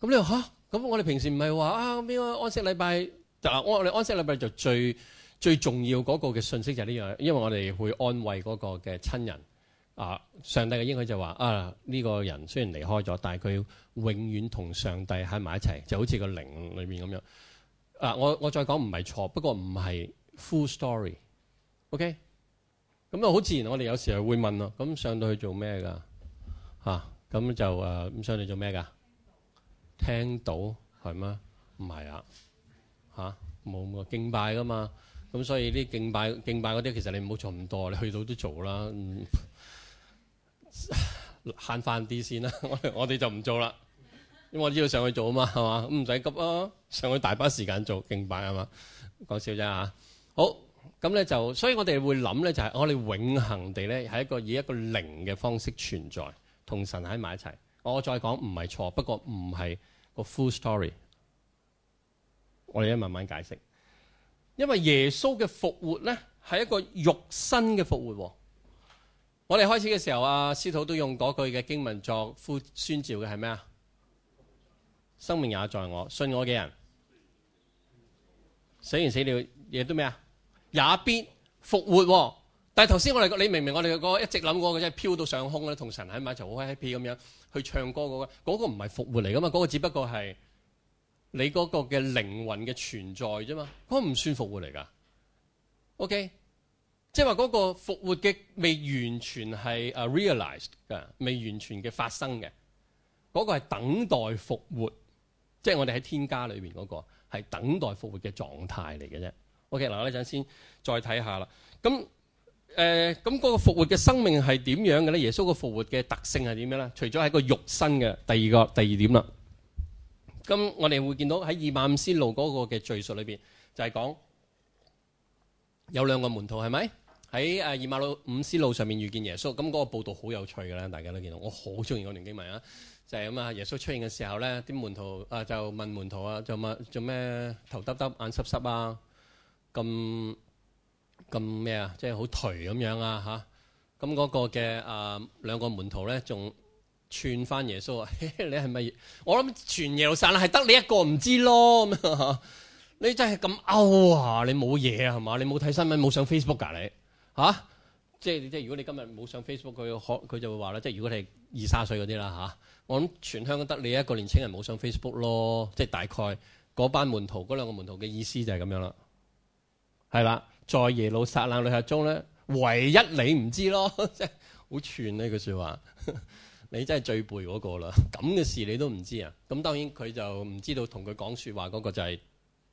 咁你話吓？咁、啊、我哋平時唔係話啊邊、這個安息禮拜？嗱、啊、我哋安息禮拜就最最重要嗰個嘅信息就係呢樣，因為我哋會安慰嗰個嘅親人。啊，上帝嘅應許就話啊呢、這個人雖然離開咗，但係佢永遠同上帝喺埋一齊，就好似個靈裏面咁樣。啊！我我再講唔係錯，不過唔係 full story，OK？、Okay? 咁啊好自然，我哋有時候會問咯。咁上到去做咩㗎？嚇、啊、咁就咁、啊、上到做咩㗎？聽到係咩？唔係啊嚇，冇、啊、冇敬拜㗎嘛。咁所以啲敬拜敬拜嗰啲，其實你唔好做咁多，你去到都做啦。慳返啲先啦，我哋就唔做喇因為我知道上去做啊嘛，係嘛，唔使急啊，上去大把時間做敬拜啊嘛，講笑啫嚇。好，咁咧就，所以我哋會諗咧就係、是，我哋永恆地咧係一個以一個靈嘅方式存在，同神喺埋一齊。我再講唔係錯，不過唔係個 full story。我哋一慢慢解釋，因為耶穌嘅復活咧係一個肉身嘅復活。我哋開始嘅時候，阿司徒都用嗰句嘅經文作宣召嘅，係咩啊？生命也在我，信我嘅人死完死了，嘢都咩啊？也必復活哦。但係頭先我哋，你明唔明？我哋嗰個一直諗過嘅，即係飄到上空咧，同神喺埋一齊好 happy 咁樣去唱歌嗰個，嗰個唔係復活嚟噶嘛？嗰個只不過係你嗰個嘅靈魂嘅存在啫嘛。嗰個唔算復活嚟噶。OK，即係話嗰個復活嘅未完全係啊 realized 噶，未完全嘅發生嘅嗰個係等待復活。即係我哋喺天家裏面嗰、那個係等待復活嘅狀態嚟嘅啫。OK，嗱，我哋陣先，再睇下啦。咁誒，咁嗰個復活嘅生命係點樣嘅咧？耶穌嘅復活嘅特性係點樣咧？除咗係個肉身嘅，第二個第二點啦。咁我哋會見到喺以馬忤斯路嗰個嘅敘述裏邊，就係、是、講有兩個門徒係咪喺誒以馬忤斯路上面遇見耶穌？咁嗰個報導好有趣嘅咧，大家都見到，我好中意嗰段經文啊！就係、是、咁啊！耶穌出現嘅時候咧，啲門徒啊就問門徒啊，就問做咩頭耷耷、眼濕濕啊，咁咁咩啊？即係好頹咁樣啊嚇！咁嗰個嘅啊兩個門徒咧，仲串翻耶穌啊？你係咪？我諗全耶路撒冷係得你一個唔知咯，你真係咁歐啊！你冇嘢啊係嘛？你冇睇新聞，冇上 Facebook 㗎、啊、你嚇？啊。即係即係，如果你今日冇上 Facebook，佢佢就會話啦。即係如果你係二三歲嗰啲啦嚇，我諗全香港都得你一個年青人冇上 Facebook 咯。即係大概嗰班門徒嗰兩個門徒嘅意思就係咁樣啦。係啦，在耶路撒冷旅客中咧，唯一你唔知道咯，即係好串呢句説話。 你真係最背嗰、嗰個啦！咁嘅事你都唔知道啊？咁當然佢就唔知道同佢講説話嗰、嗰個就係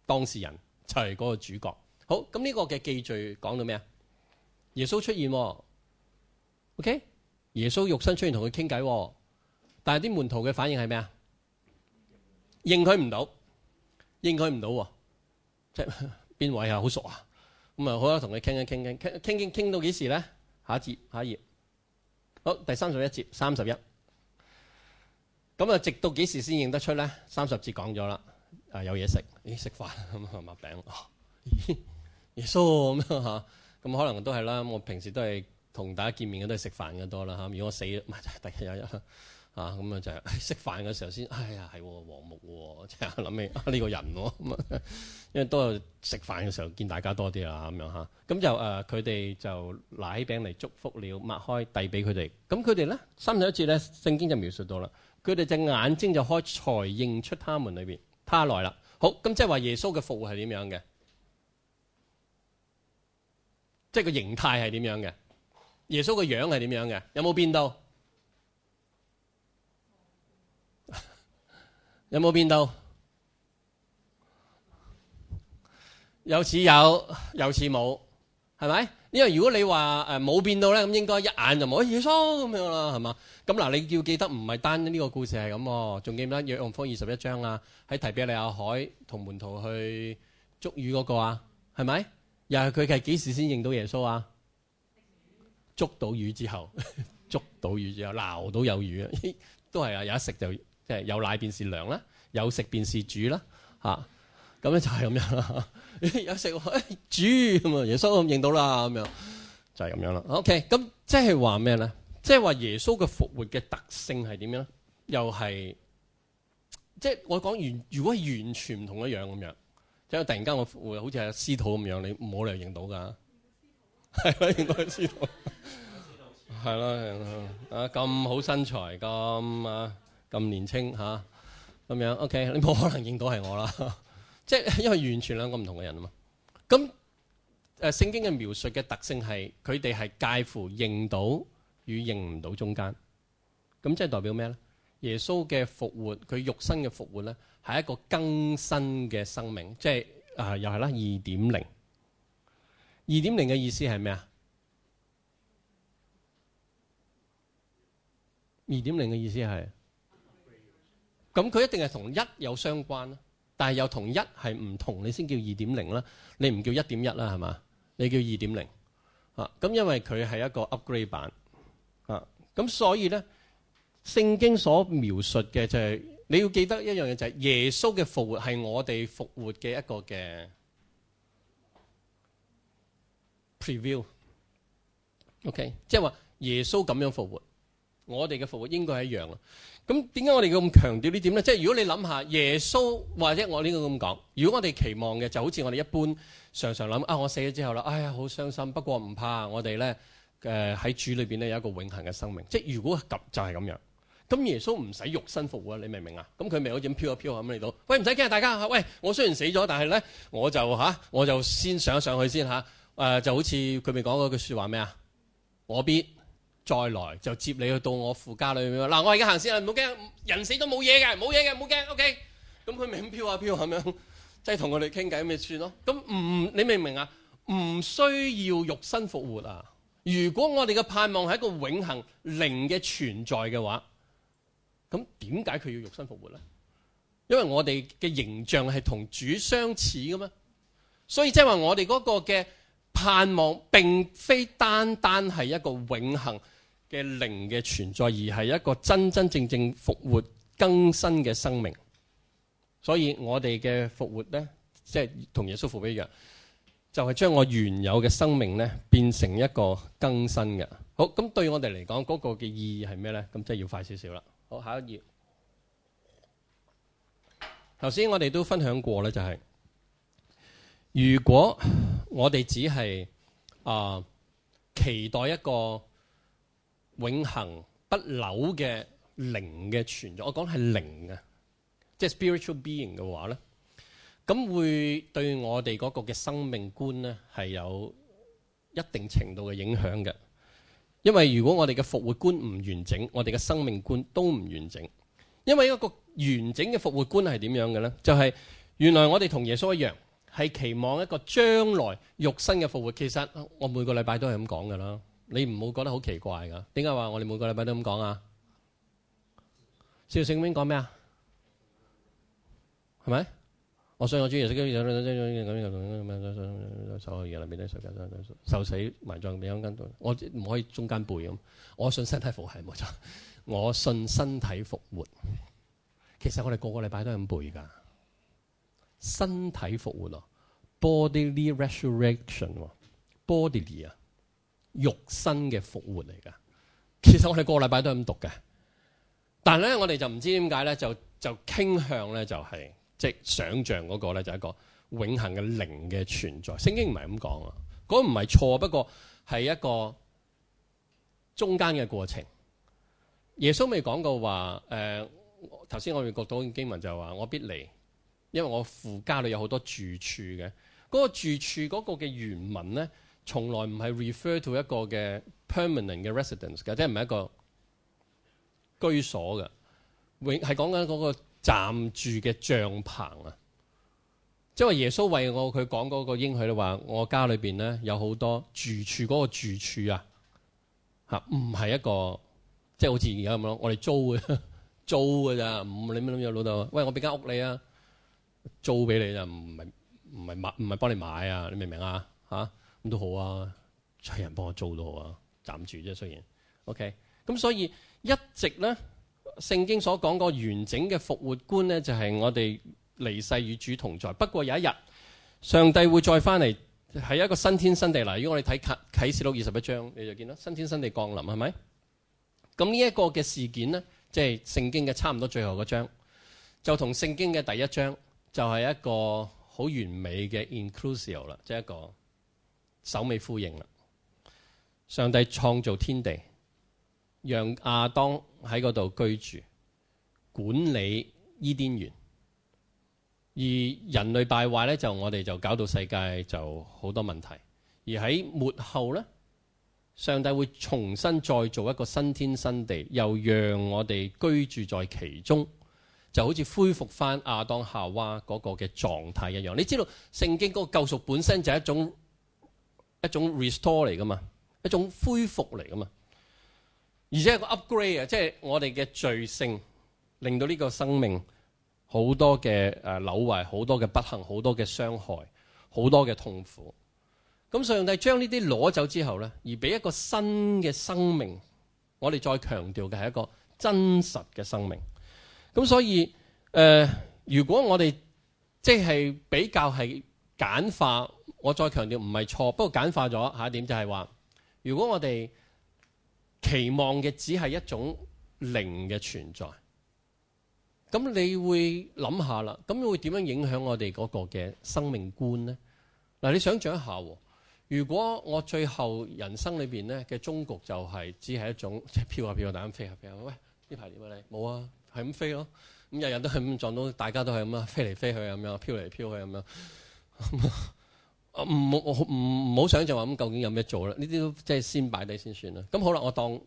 當事人，就係、係、嗰個主角。好咁，呢個嘅記敘講到咩啊？耶穌出現，OK？耶穌肉身出現同佢傾偈，但係啲門徒嘅反應係咩啊？認佢唔到，認佢唔到，即係邊位啊？好熟啊？咁啊，好啦，同佢傾一傾傾，傾傾傾到幾時咧？下一節，下一頁，好，第三十一節，三十一，咁啊，直到幾時先認得出咧？三十節講咗啦，啊，有嘢食，咦，食飯，咁啊，擘餅，耶穌咁樣吓。咁可能都係啦，我平時都係同大家見面嘅都係食飯嘅多啦嚇。如果我死唔就係、是、第一日啊，咁啊就係、是、食飯嘅時候先。哎呀，係黃牧喎，即係諗起啊呢、這個人喎、啊，因為都係食飯嘅時候見大家多啲啦咁樣嚇。咁、啊啊、就誒佢哋就拿起餅嚟祝福了，擘開遞俾佢哋。咁佢哋咧，三十一節咧，聖經就描述到啦，佢哋隻眼睛就開，才認出他們裏邊他來啦。好，咁即係話耶穌嘅復活係點樣嘅？即係個形態係點樣嘅？耶穌個樣係點樣嘅？有冇變到？有冇變到？有似有，有似冇，係咪？因為如果你話誒冇變到咧，咁應該一眼就冇耶穌咁樣啦，係嘛？咁嗱，你要記得唔係單呢個故事係咁，仲記唔記得約翰福音二十一章啊，喺提比利亞海同門徒去捉魚嗰個啊，係咪？又係佢係幾時先認到耶穌啊？捉到魚之後，捉到魚之後，撈到有魚啊！都係啊，有一食就即係有奶便是娘啦，有食便是主啦，吓咁咧就係咁樣啦，啊。有食、哎、煮誒主，咁啊耶穌咁認到啦，咁樣就係、是、咁樣啦。OK，咁即係話咩咧？即係話耶穌嘅復活嘅特性係點樣？又係即係我講完，如果係完全唔同一樣咁樣。即係突然間我復活，好似係司徒咁樣，你冇理由認到噶、啊，係 咪認到係司徒？係啦係啦，啊咁好身材，咁啊咁年青吓，咁、啊、樣，OK，你冇可能認到係我啦，即 係、就是、因為完全兩個唔同嘅人啊嘛。咁誒，聖、啊、經嘅描述嘅特性係，佢哋係介乎認到與認唔到中間。咁即係代表咩咧？耶穌嘅復活，佢肉身嘅復活咧？係一個更新嘅生命，即係啊，又係啦，二點零。二點零嘅意思係咩啊？二點零嘅意思係，咁佢一定係同一有相關啦，但係又同一係唔同，你先叫二點零啦。你唔叫一點一啦，係嘛？你叫二點零啊。咁因為佢係一個 upgrade 版啊，咁所以咧，聖經所描述嘅就係。你要記得一樣嘢就係耶穌嘅復活係我哋復活嘅一個嘅 preview，OK，即係話耶穌咁樣復活，我哋嘅復活應該係一樣啦。咁點解我哋要咁強調呢點咧？即係如果你諗下耶穌或者我呢個咁講，如果我哋期望嘅就好似我哋一般常常諗啊，我死咗之後啦，哎呀好傷心，不過唔怕，我哋咧誒喺主裏邊咧有一個永恆嘅生命。即係如果咁就係咁樣。咁耶穌唔使肉身復活啊！你明唔明啊？咁佢咪好似咁飄一飄咁嚟到？喂，唔使驚啊！大家嚇，喂，我雖然死咗，但係咧我就嚇我就先上一上去先嚇誒、呃，就好似佢咪講嗰句説話咩啊？我必再來就接你去到我父家裏邊嗱。我而家行先啦，唔好驚。人死都冇嘢嘅，冇嘢嘅，唔好驚。OK。咁佢咪咁飄下飄咁樣，即係同我哋傾偈咪算咯。咁唔你明唔明啊？唔需要肉身復活啊！如果我哋嘅盼望係一個永恆靈嘅存在嘅話。咁點解佢要肉身復活呢？因為我哋嘅形象係同主相似噶嘛，所以即係話我哋嗰個嘅盼望，並非單單係一個永恆嘅靈嘅存在，而係一個真真正正復活更新嘅生命。所以我哋嘅復活呢，即係同耶穌復活一樣，就係將我原有嘅生命呢變成一個更新嘅。好，咁，對我哋嚟講嗰個嘅意義係咩呢？咁即係要快少少啦。好，下一頁。頭先我哋都分享過咧，就係、是、如果我哋只係啊、呃、期待一個永恒不朽嘅靈嘅存在，我講係靈啊，即、就、係、是、spiritual being 嘅話咧，咁會對我哋嗰個嘅生命觀咧係有一定程度嘅影響嘅。因為如果我哋嘅復活觀唔完整，我哋嘅生命觀都唔完整。因為一個完整嘅復活觀係點樣嘅呢？就係、是、原來我哋同耶穌一樣，係期望一個將來肉身嘅復活。其實我每個禮拜都係咁講噶啦，你唔好覺得好奇怪噶。點解話我哋每個禮拜都咁講啊？趙勝斌講咩啊？係咪？我信我主耶穌，受死埋葬，被埋葬，受死埋葬，我唔可以中間背咁。我信身體復活，冇錯。我信身體復活。其實我哋個個禮拜都係咁背㗎。身體復活咯，bodily resurrection，bodily 啊，肉身嘅復活嚟㗎。其實我哋個個禮拜都係咁讀嘅。但係咧，我哋就唔知點解咧，就就傾向咧、就係，就係。即係想像嗰個咧，就係一個永恆嘅靈嘅存在。聖經唔係咁講啊，嗰唔係錯，不過係一個中間嘅過程。耶穌未講過話誒，頭、呃、先我哋讀到經文就話我必嚟，因為我父家裏有好多住處嘅。嗰、那個住處嗰個嘅原文咧，從來唔係 refer to 一個嘅 permanent 嘅 residence 嘅，即係唔係一個居所嘅，永係講緊嗰個。暫住嘅帳篷啊，即係話耶穌為我佢講嗰個應許咧，話我家裏邊咧有好多住處嗰、那個住處啊，吓，唔係一個即係、就是、好似而家咁咯，我哋租嘅租嘅咋，唔，你諗諗住老豆，喂，我俾間屋給你啊，租俾你就唔係唔係買唔係幫你買啊，你明唔明啊？吓，咁都好啊，有人幫我租都好啊，暫住啫，雖然，ok，咁所以一直咧。聖經所講個完整嘅復活觀呢，就係我哋離世與主同在。不過有一日，上帝會再翻嚟，係一個新天新地啦，如果我哋睇啟示錄二十一章，你就見到新天新地降臨，係咪？咁呢一個嘅事件呢，即係聖經嘅差唔多最後嗰章，就同聖經嘅第一章就係一個好完美嘅 inclusive 啦，即係一個首尾呼應啦。上帝創造天地。讓亞當喺嗰度居住，管理伊甸園。而人類敗壞呢，就我哋就搞到世界就好多問題。而喺末後呢，上帝會重新再做一個新天新地，又讓我哋居住在其中，就好似恢復翻亞當夏娃嗰個嘅狀態一樣。你知道聖經嗰個救贖本身就係一種一種 restore 嚟噶嘛，一種恢復嚟噶嘛。而且係一個 upgrade 啊，即係我哋嘅罪性令到呢個生命好多嘅誒扭壞，好多嘅不幸，好多嘅傷害，好多嘅痛苦。咁上帝將呢啲攞走之後咧，而俾一個新嘅生命。我哋再強調嘅係一個真實嘅生命。咁所以誒、呃，如果我哋即係比較係簡化，我再強調唔係錯，不過簡化咗下一點就係話，如果我哋期望嘅只係一種靈嘅存在，咁你會諗下啦，咁會點樣影響我哋嗰個嘅生命觀咧？嗱，你想象一下喎，如果我最後人生裏邊咧嘅終局就係只係一種即係飄下，飄啊，咁飛下飛啊，喂，呢排點啊你？冇啊，係咁、啊、飛咯、啊，咁日日都係咁撞到大家都係咁啊，飛嚟飛去咁樣，飄嚟飄去咁樣。唔冇唔唔好想象話咁究竟有咩做咧？呢啲都即係先擺低先算啦。咁好啦，我當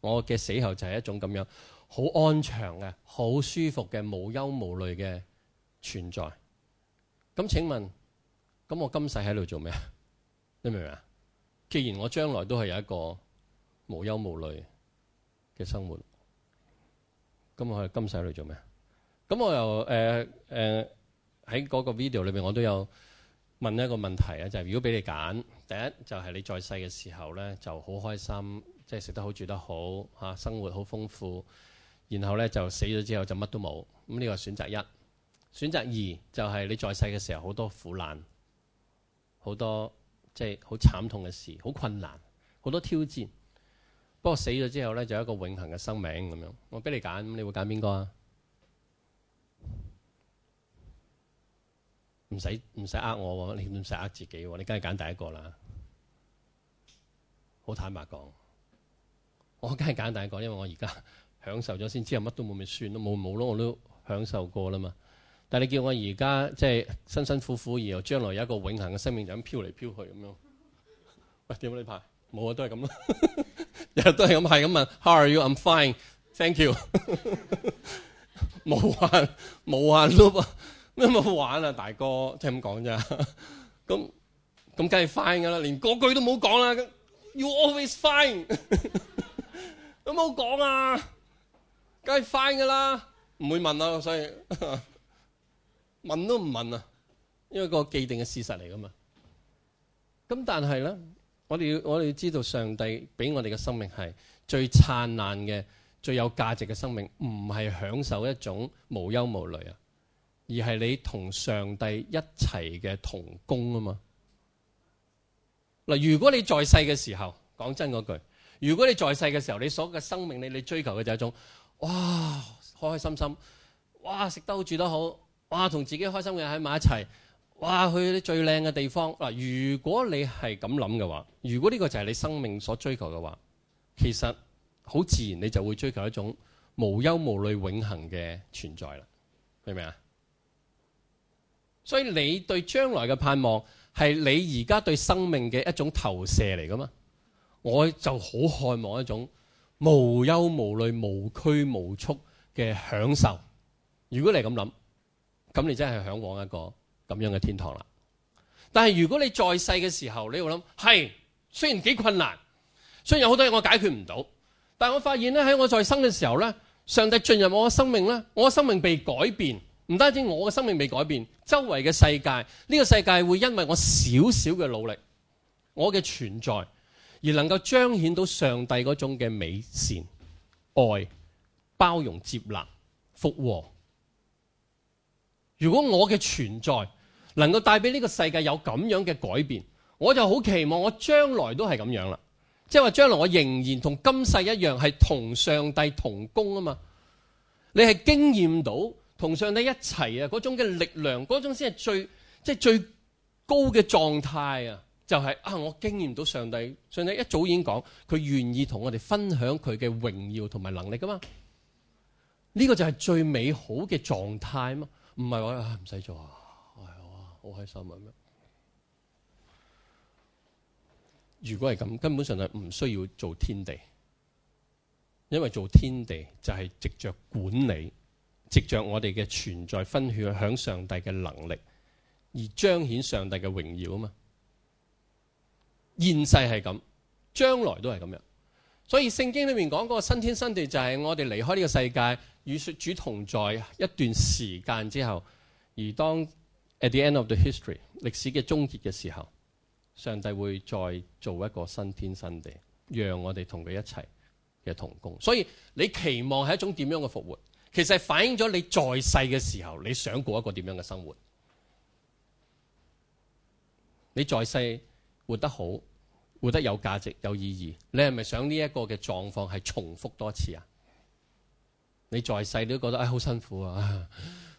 我嘅死後就係一種咁樣好安詳嘅、好舒服嘅、無憂無慮嘅存在。咁請問，咁我今世喺度做咩？你明唔明啊？既然我將來都係有一個無憂無慮嘅生活，咁我係今世喺度做咩？咁我又誒誒喺嗰個 video 裏邊，我都有，問一個問題咧，就係、是、如果俾你揀，第一就係、是、你在世嘅時候呢就好開心，即係食得好住得好嚇，生活好豐富。然後呢就死咗之後就乜都冇，咁、這、呢個選擇一。選擇二就係、是、你在世嘅時候好多苦難，好多即係好慘痛嘅事，好困難，好多挑戰。不過死咗之後呢，就有一個永恆嘅生命咁樣。我俾你揀，咁你會揀邊個啊？唔使唔使呃我喎，你唔使呃自己喎，你梗係揀第一個啦。好坦白講，我梗係揀第一個，因為我而家享受咗先，之後乜都冇咪算咯，冇冇咯，我都享受過啦嘛。但係你叫我而家即係辛辛苦苦後，然後將來有一個永恆嘅生命，就咁飄嚟飄去咁樣。喂，點啊？你排冇啊？都係咁咯， 日日都係咁，係咁問。How are you? I'm fine. Thank you. 無限無限 loop 啊！無有冇玩啊，大哥，即係咁講啫。咁咁梗係 fine 噶啦，連句都冇講啦。You always fine，有冇講啊？梗係、啊、fine 噶啦，唔會問啊，所以、啊、問都唔問啊，因為個既定嘅事實嚟噶嘛。咁但係咧，我哋要我哋要知道，上帝俾我哋嘅生命係最燦爛嘅、最有價值嘅生命，唔係享受一種無憂無慮啊。而係你同上帝一齊嘅同工啊嘛！嗱，如果你在世嘅時候，講真嗰句，如果你在世嘅時候，你所嘅生命你你追求嘅就係一種哇開開心心，哇食得好住得好，哇同自己開心嘅人喺埋一齊，哇去啲最靚嘅地方嗱。如果你係咁諗嘅話，如果呢個就係你生命所追求嘅話，其實好自然你就會追求一種無憂無慮、永恆嘅存在啦。明唔明啊？所以你對將來嘅盼望係你而家對生命嘅一種投射嚟噶嘛？我就好渴望一種無憂無慮、無拘無束嘅享受。如果你係咁諗，咁你真係向往一個咁樣嘅天堂啦。但係如果你在世嘅時候，你會諗係雖然幾困難，雖然有好多嘢我解決唔到，但我發現咧喺我在生嘅時候咧，上帝進入我嘅生命咧，我嘅生命被改變。唔單止我嘅生命未改變，周圍嘅世界，呢個世界會因為我少少嘅努力，我嘅存在而能夠彰顯到上帝嗰種嘅美善、愛、包容、接納、復和。如果我嘅存在能夠帶俾呢個世界有咁樣嘅改變，我就好期望我將來都係咁樣啦。即係話，將來我仍然同今世一樣係同上帝同工啊嘛？你係經驗到。同上帝一齊啊，嗰種嘅力量，嗰種先係最即係、就是、最高嘅狀態啊！就係、是、啊，我經驗到上帝，上帝一早已經講，佢願意同我哋分享佢嘅榮耀同埋能力噶嘛？呢、這個就係最美好嘅狀態嘛？唔係話啊，唔使做啊，係哇，好開心啊！如果係咁，根本上係唔需要做天地，因為做天地就係藉着管理。藉着我哋嘅存在分享向上帝嘅能力，而彰顯上帝嘅榮耀啊嘛！現世係咁，將來都係咁樣。所以聖經裏面講嗰個新天新地，就係我哋離開呢個世界，與說主同在一段時間之後，而當 at the end of the history 歷史嘅終結嘅時候，上帝會再做一個新天新地，讓我哋同佢一齊嘅同工。所以你期望係一種點樣嘅復活？其實反映咗你在世嘅時候，你想過一個點樣嘅生活？你在世活得好，活得有價值、有意義，你係咪想呢一個嘅狀況係重複多次啊？你在世你都覺得哎好辛苦啊，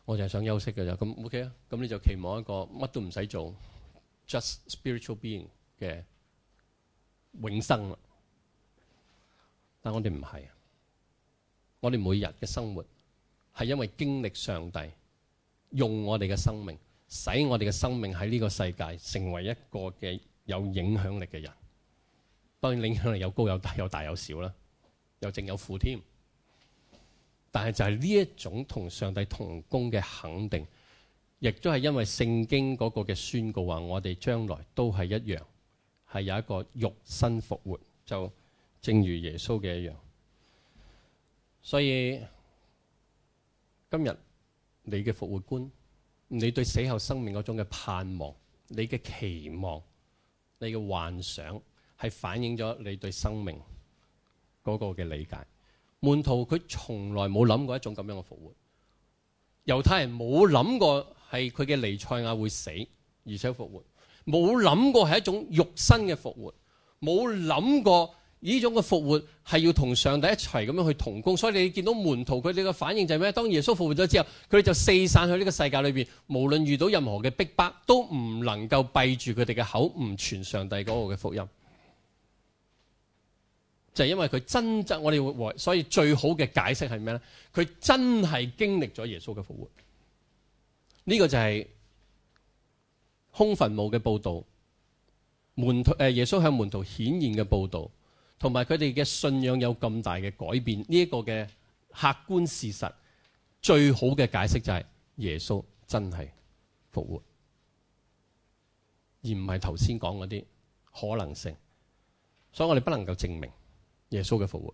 我就係想休息嘅啫。咁 OK 啊？咁你就期望一個乜都唔使做，just spiritual being 嘅永生啦？但我哋唔係啊，我哋每日嘅生活。係因為經歷上帝用我哋嘅生命，使我哋嘅生命喺呢個世界成為一個嘅有影響力嘅人。當然影響力有高有大，有大有小啦，有正有負添。但係就係呢一種同上帝同工嘅肯定，亦都係因為聖經嗰個嘅宣告話，我哋將來都係一樣，係有一個肉身復活，就正如耶穌嘅一樣。所以。今日你嘅復活觀，你對死後生命嗰種嘅盼望，你嘅期望，你嘅幻想，係反映咗你對生命嗰個嘅理解。門徒佢從來冇諗過一種咁樣嘅復活，猶太人冇諗過係佢嘅彌賽亞會死而且復活，冇諗過係一種肉身嘅復活，冇諗過。呢種嘅復活係要同上帝一齊咁樣去同工，所以你見到門徒佢哋嘅反應就係咩？當耶穌復活咗之後，佢哋就四散去呢個世界裏邊，無論遇到任何嘅逼迫，都唔能夠閉住佢哋嘅口，唔傳上帝嗰個嘅福音。就係因為佢真真，我哋和所以最好嘅解釋係咩咧？佢真係經歷咗耶穌嘅復活。呢個就係空墳墓嘅報導，門徒誒耶穌向門徒顯現嘅報導。同埋佢哋嘅信仰有咁大嘅改變，呢一個嘅客觀事實，最好嘅解釋就係耶穌真係復活，而唔係頭先講嗰啲可能性。所以我哋不能夠證明耶穌嘅復活。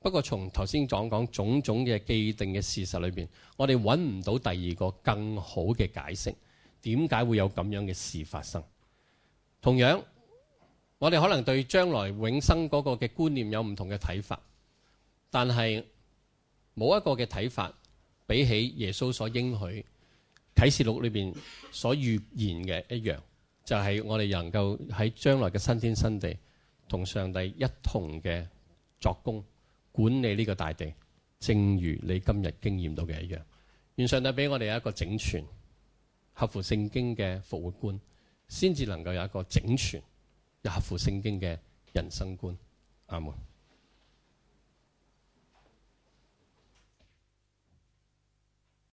不過從頭先講講種種嘅既定嘅事實裏面，我哋揾唔到第二個更好嘅解釋，點解會有咁樣嘅事發生？同樣。我哋可能對將來永生嗰個嘅觀念有唔同嘅睇法，但係冇一個嘅睇法比起耶穌所應許啟示錄裏邊所預言嘅一樣，就係、是、我哋能夠喺將來嘅新天新地同上帝一同嘅作工管理呢個大地，正如你今日經驗到嘅一樣。願上帝俾我哋有一個整全、合乎聖經嘅復活觀，先至能夠有一個整全。也合乎聖經的人生觀，阿門。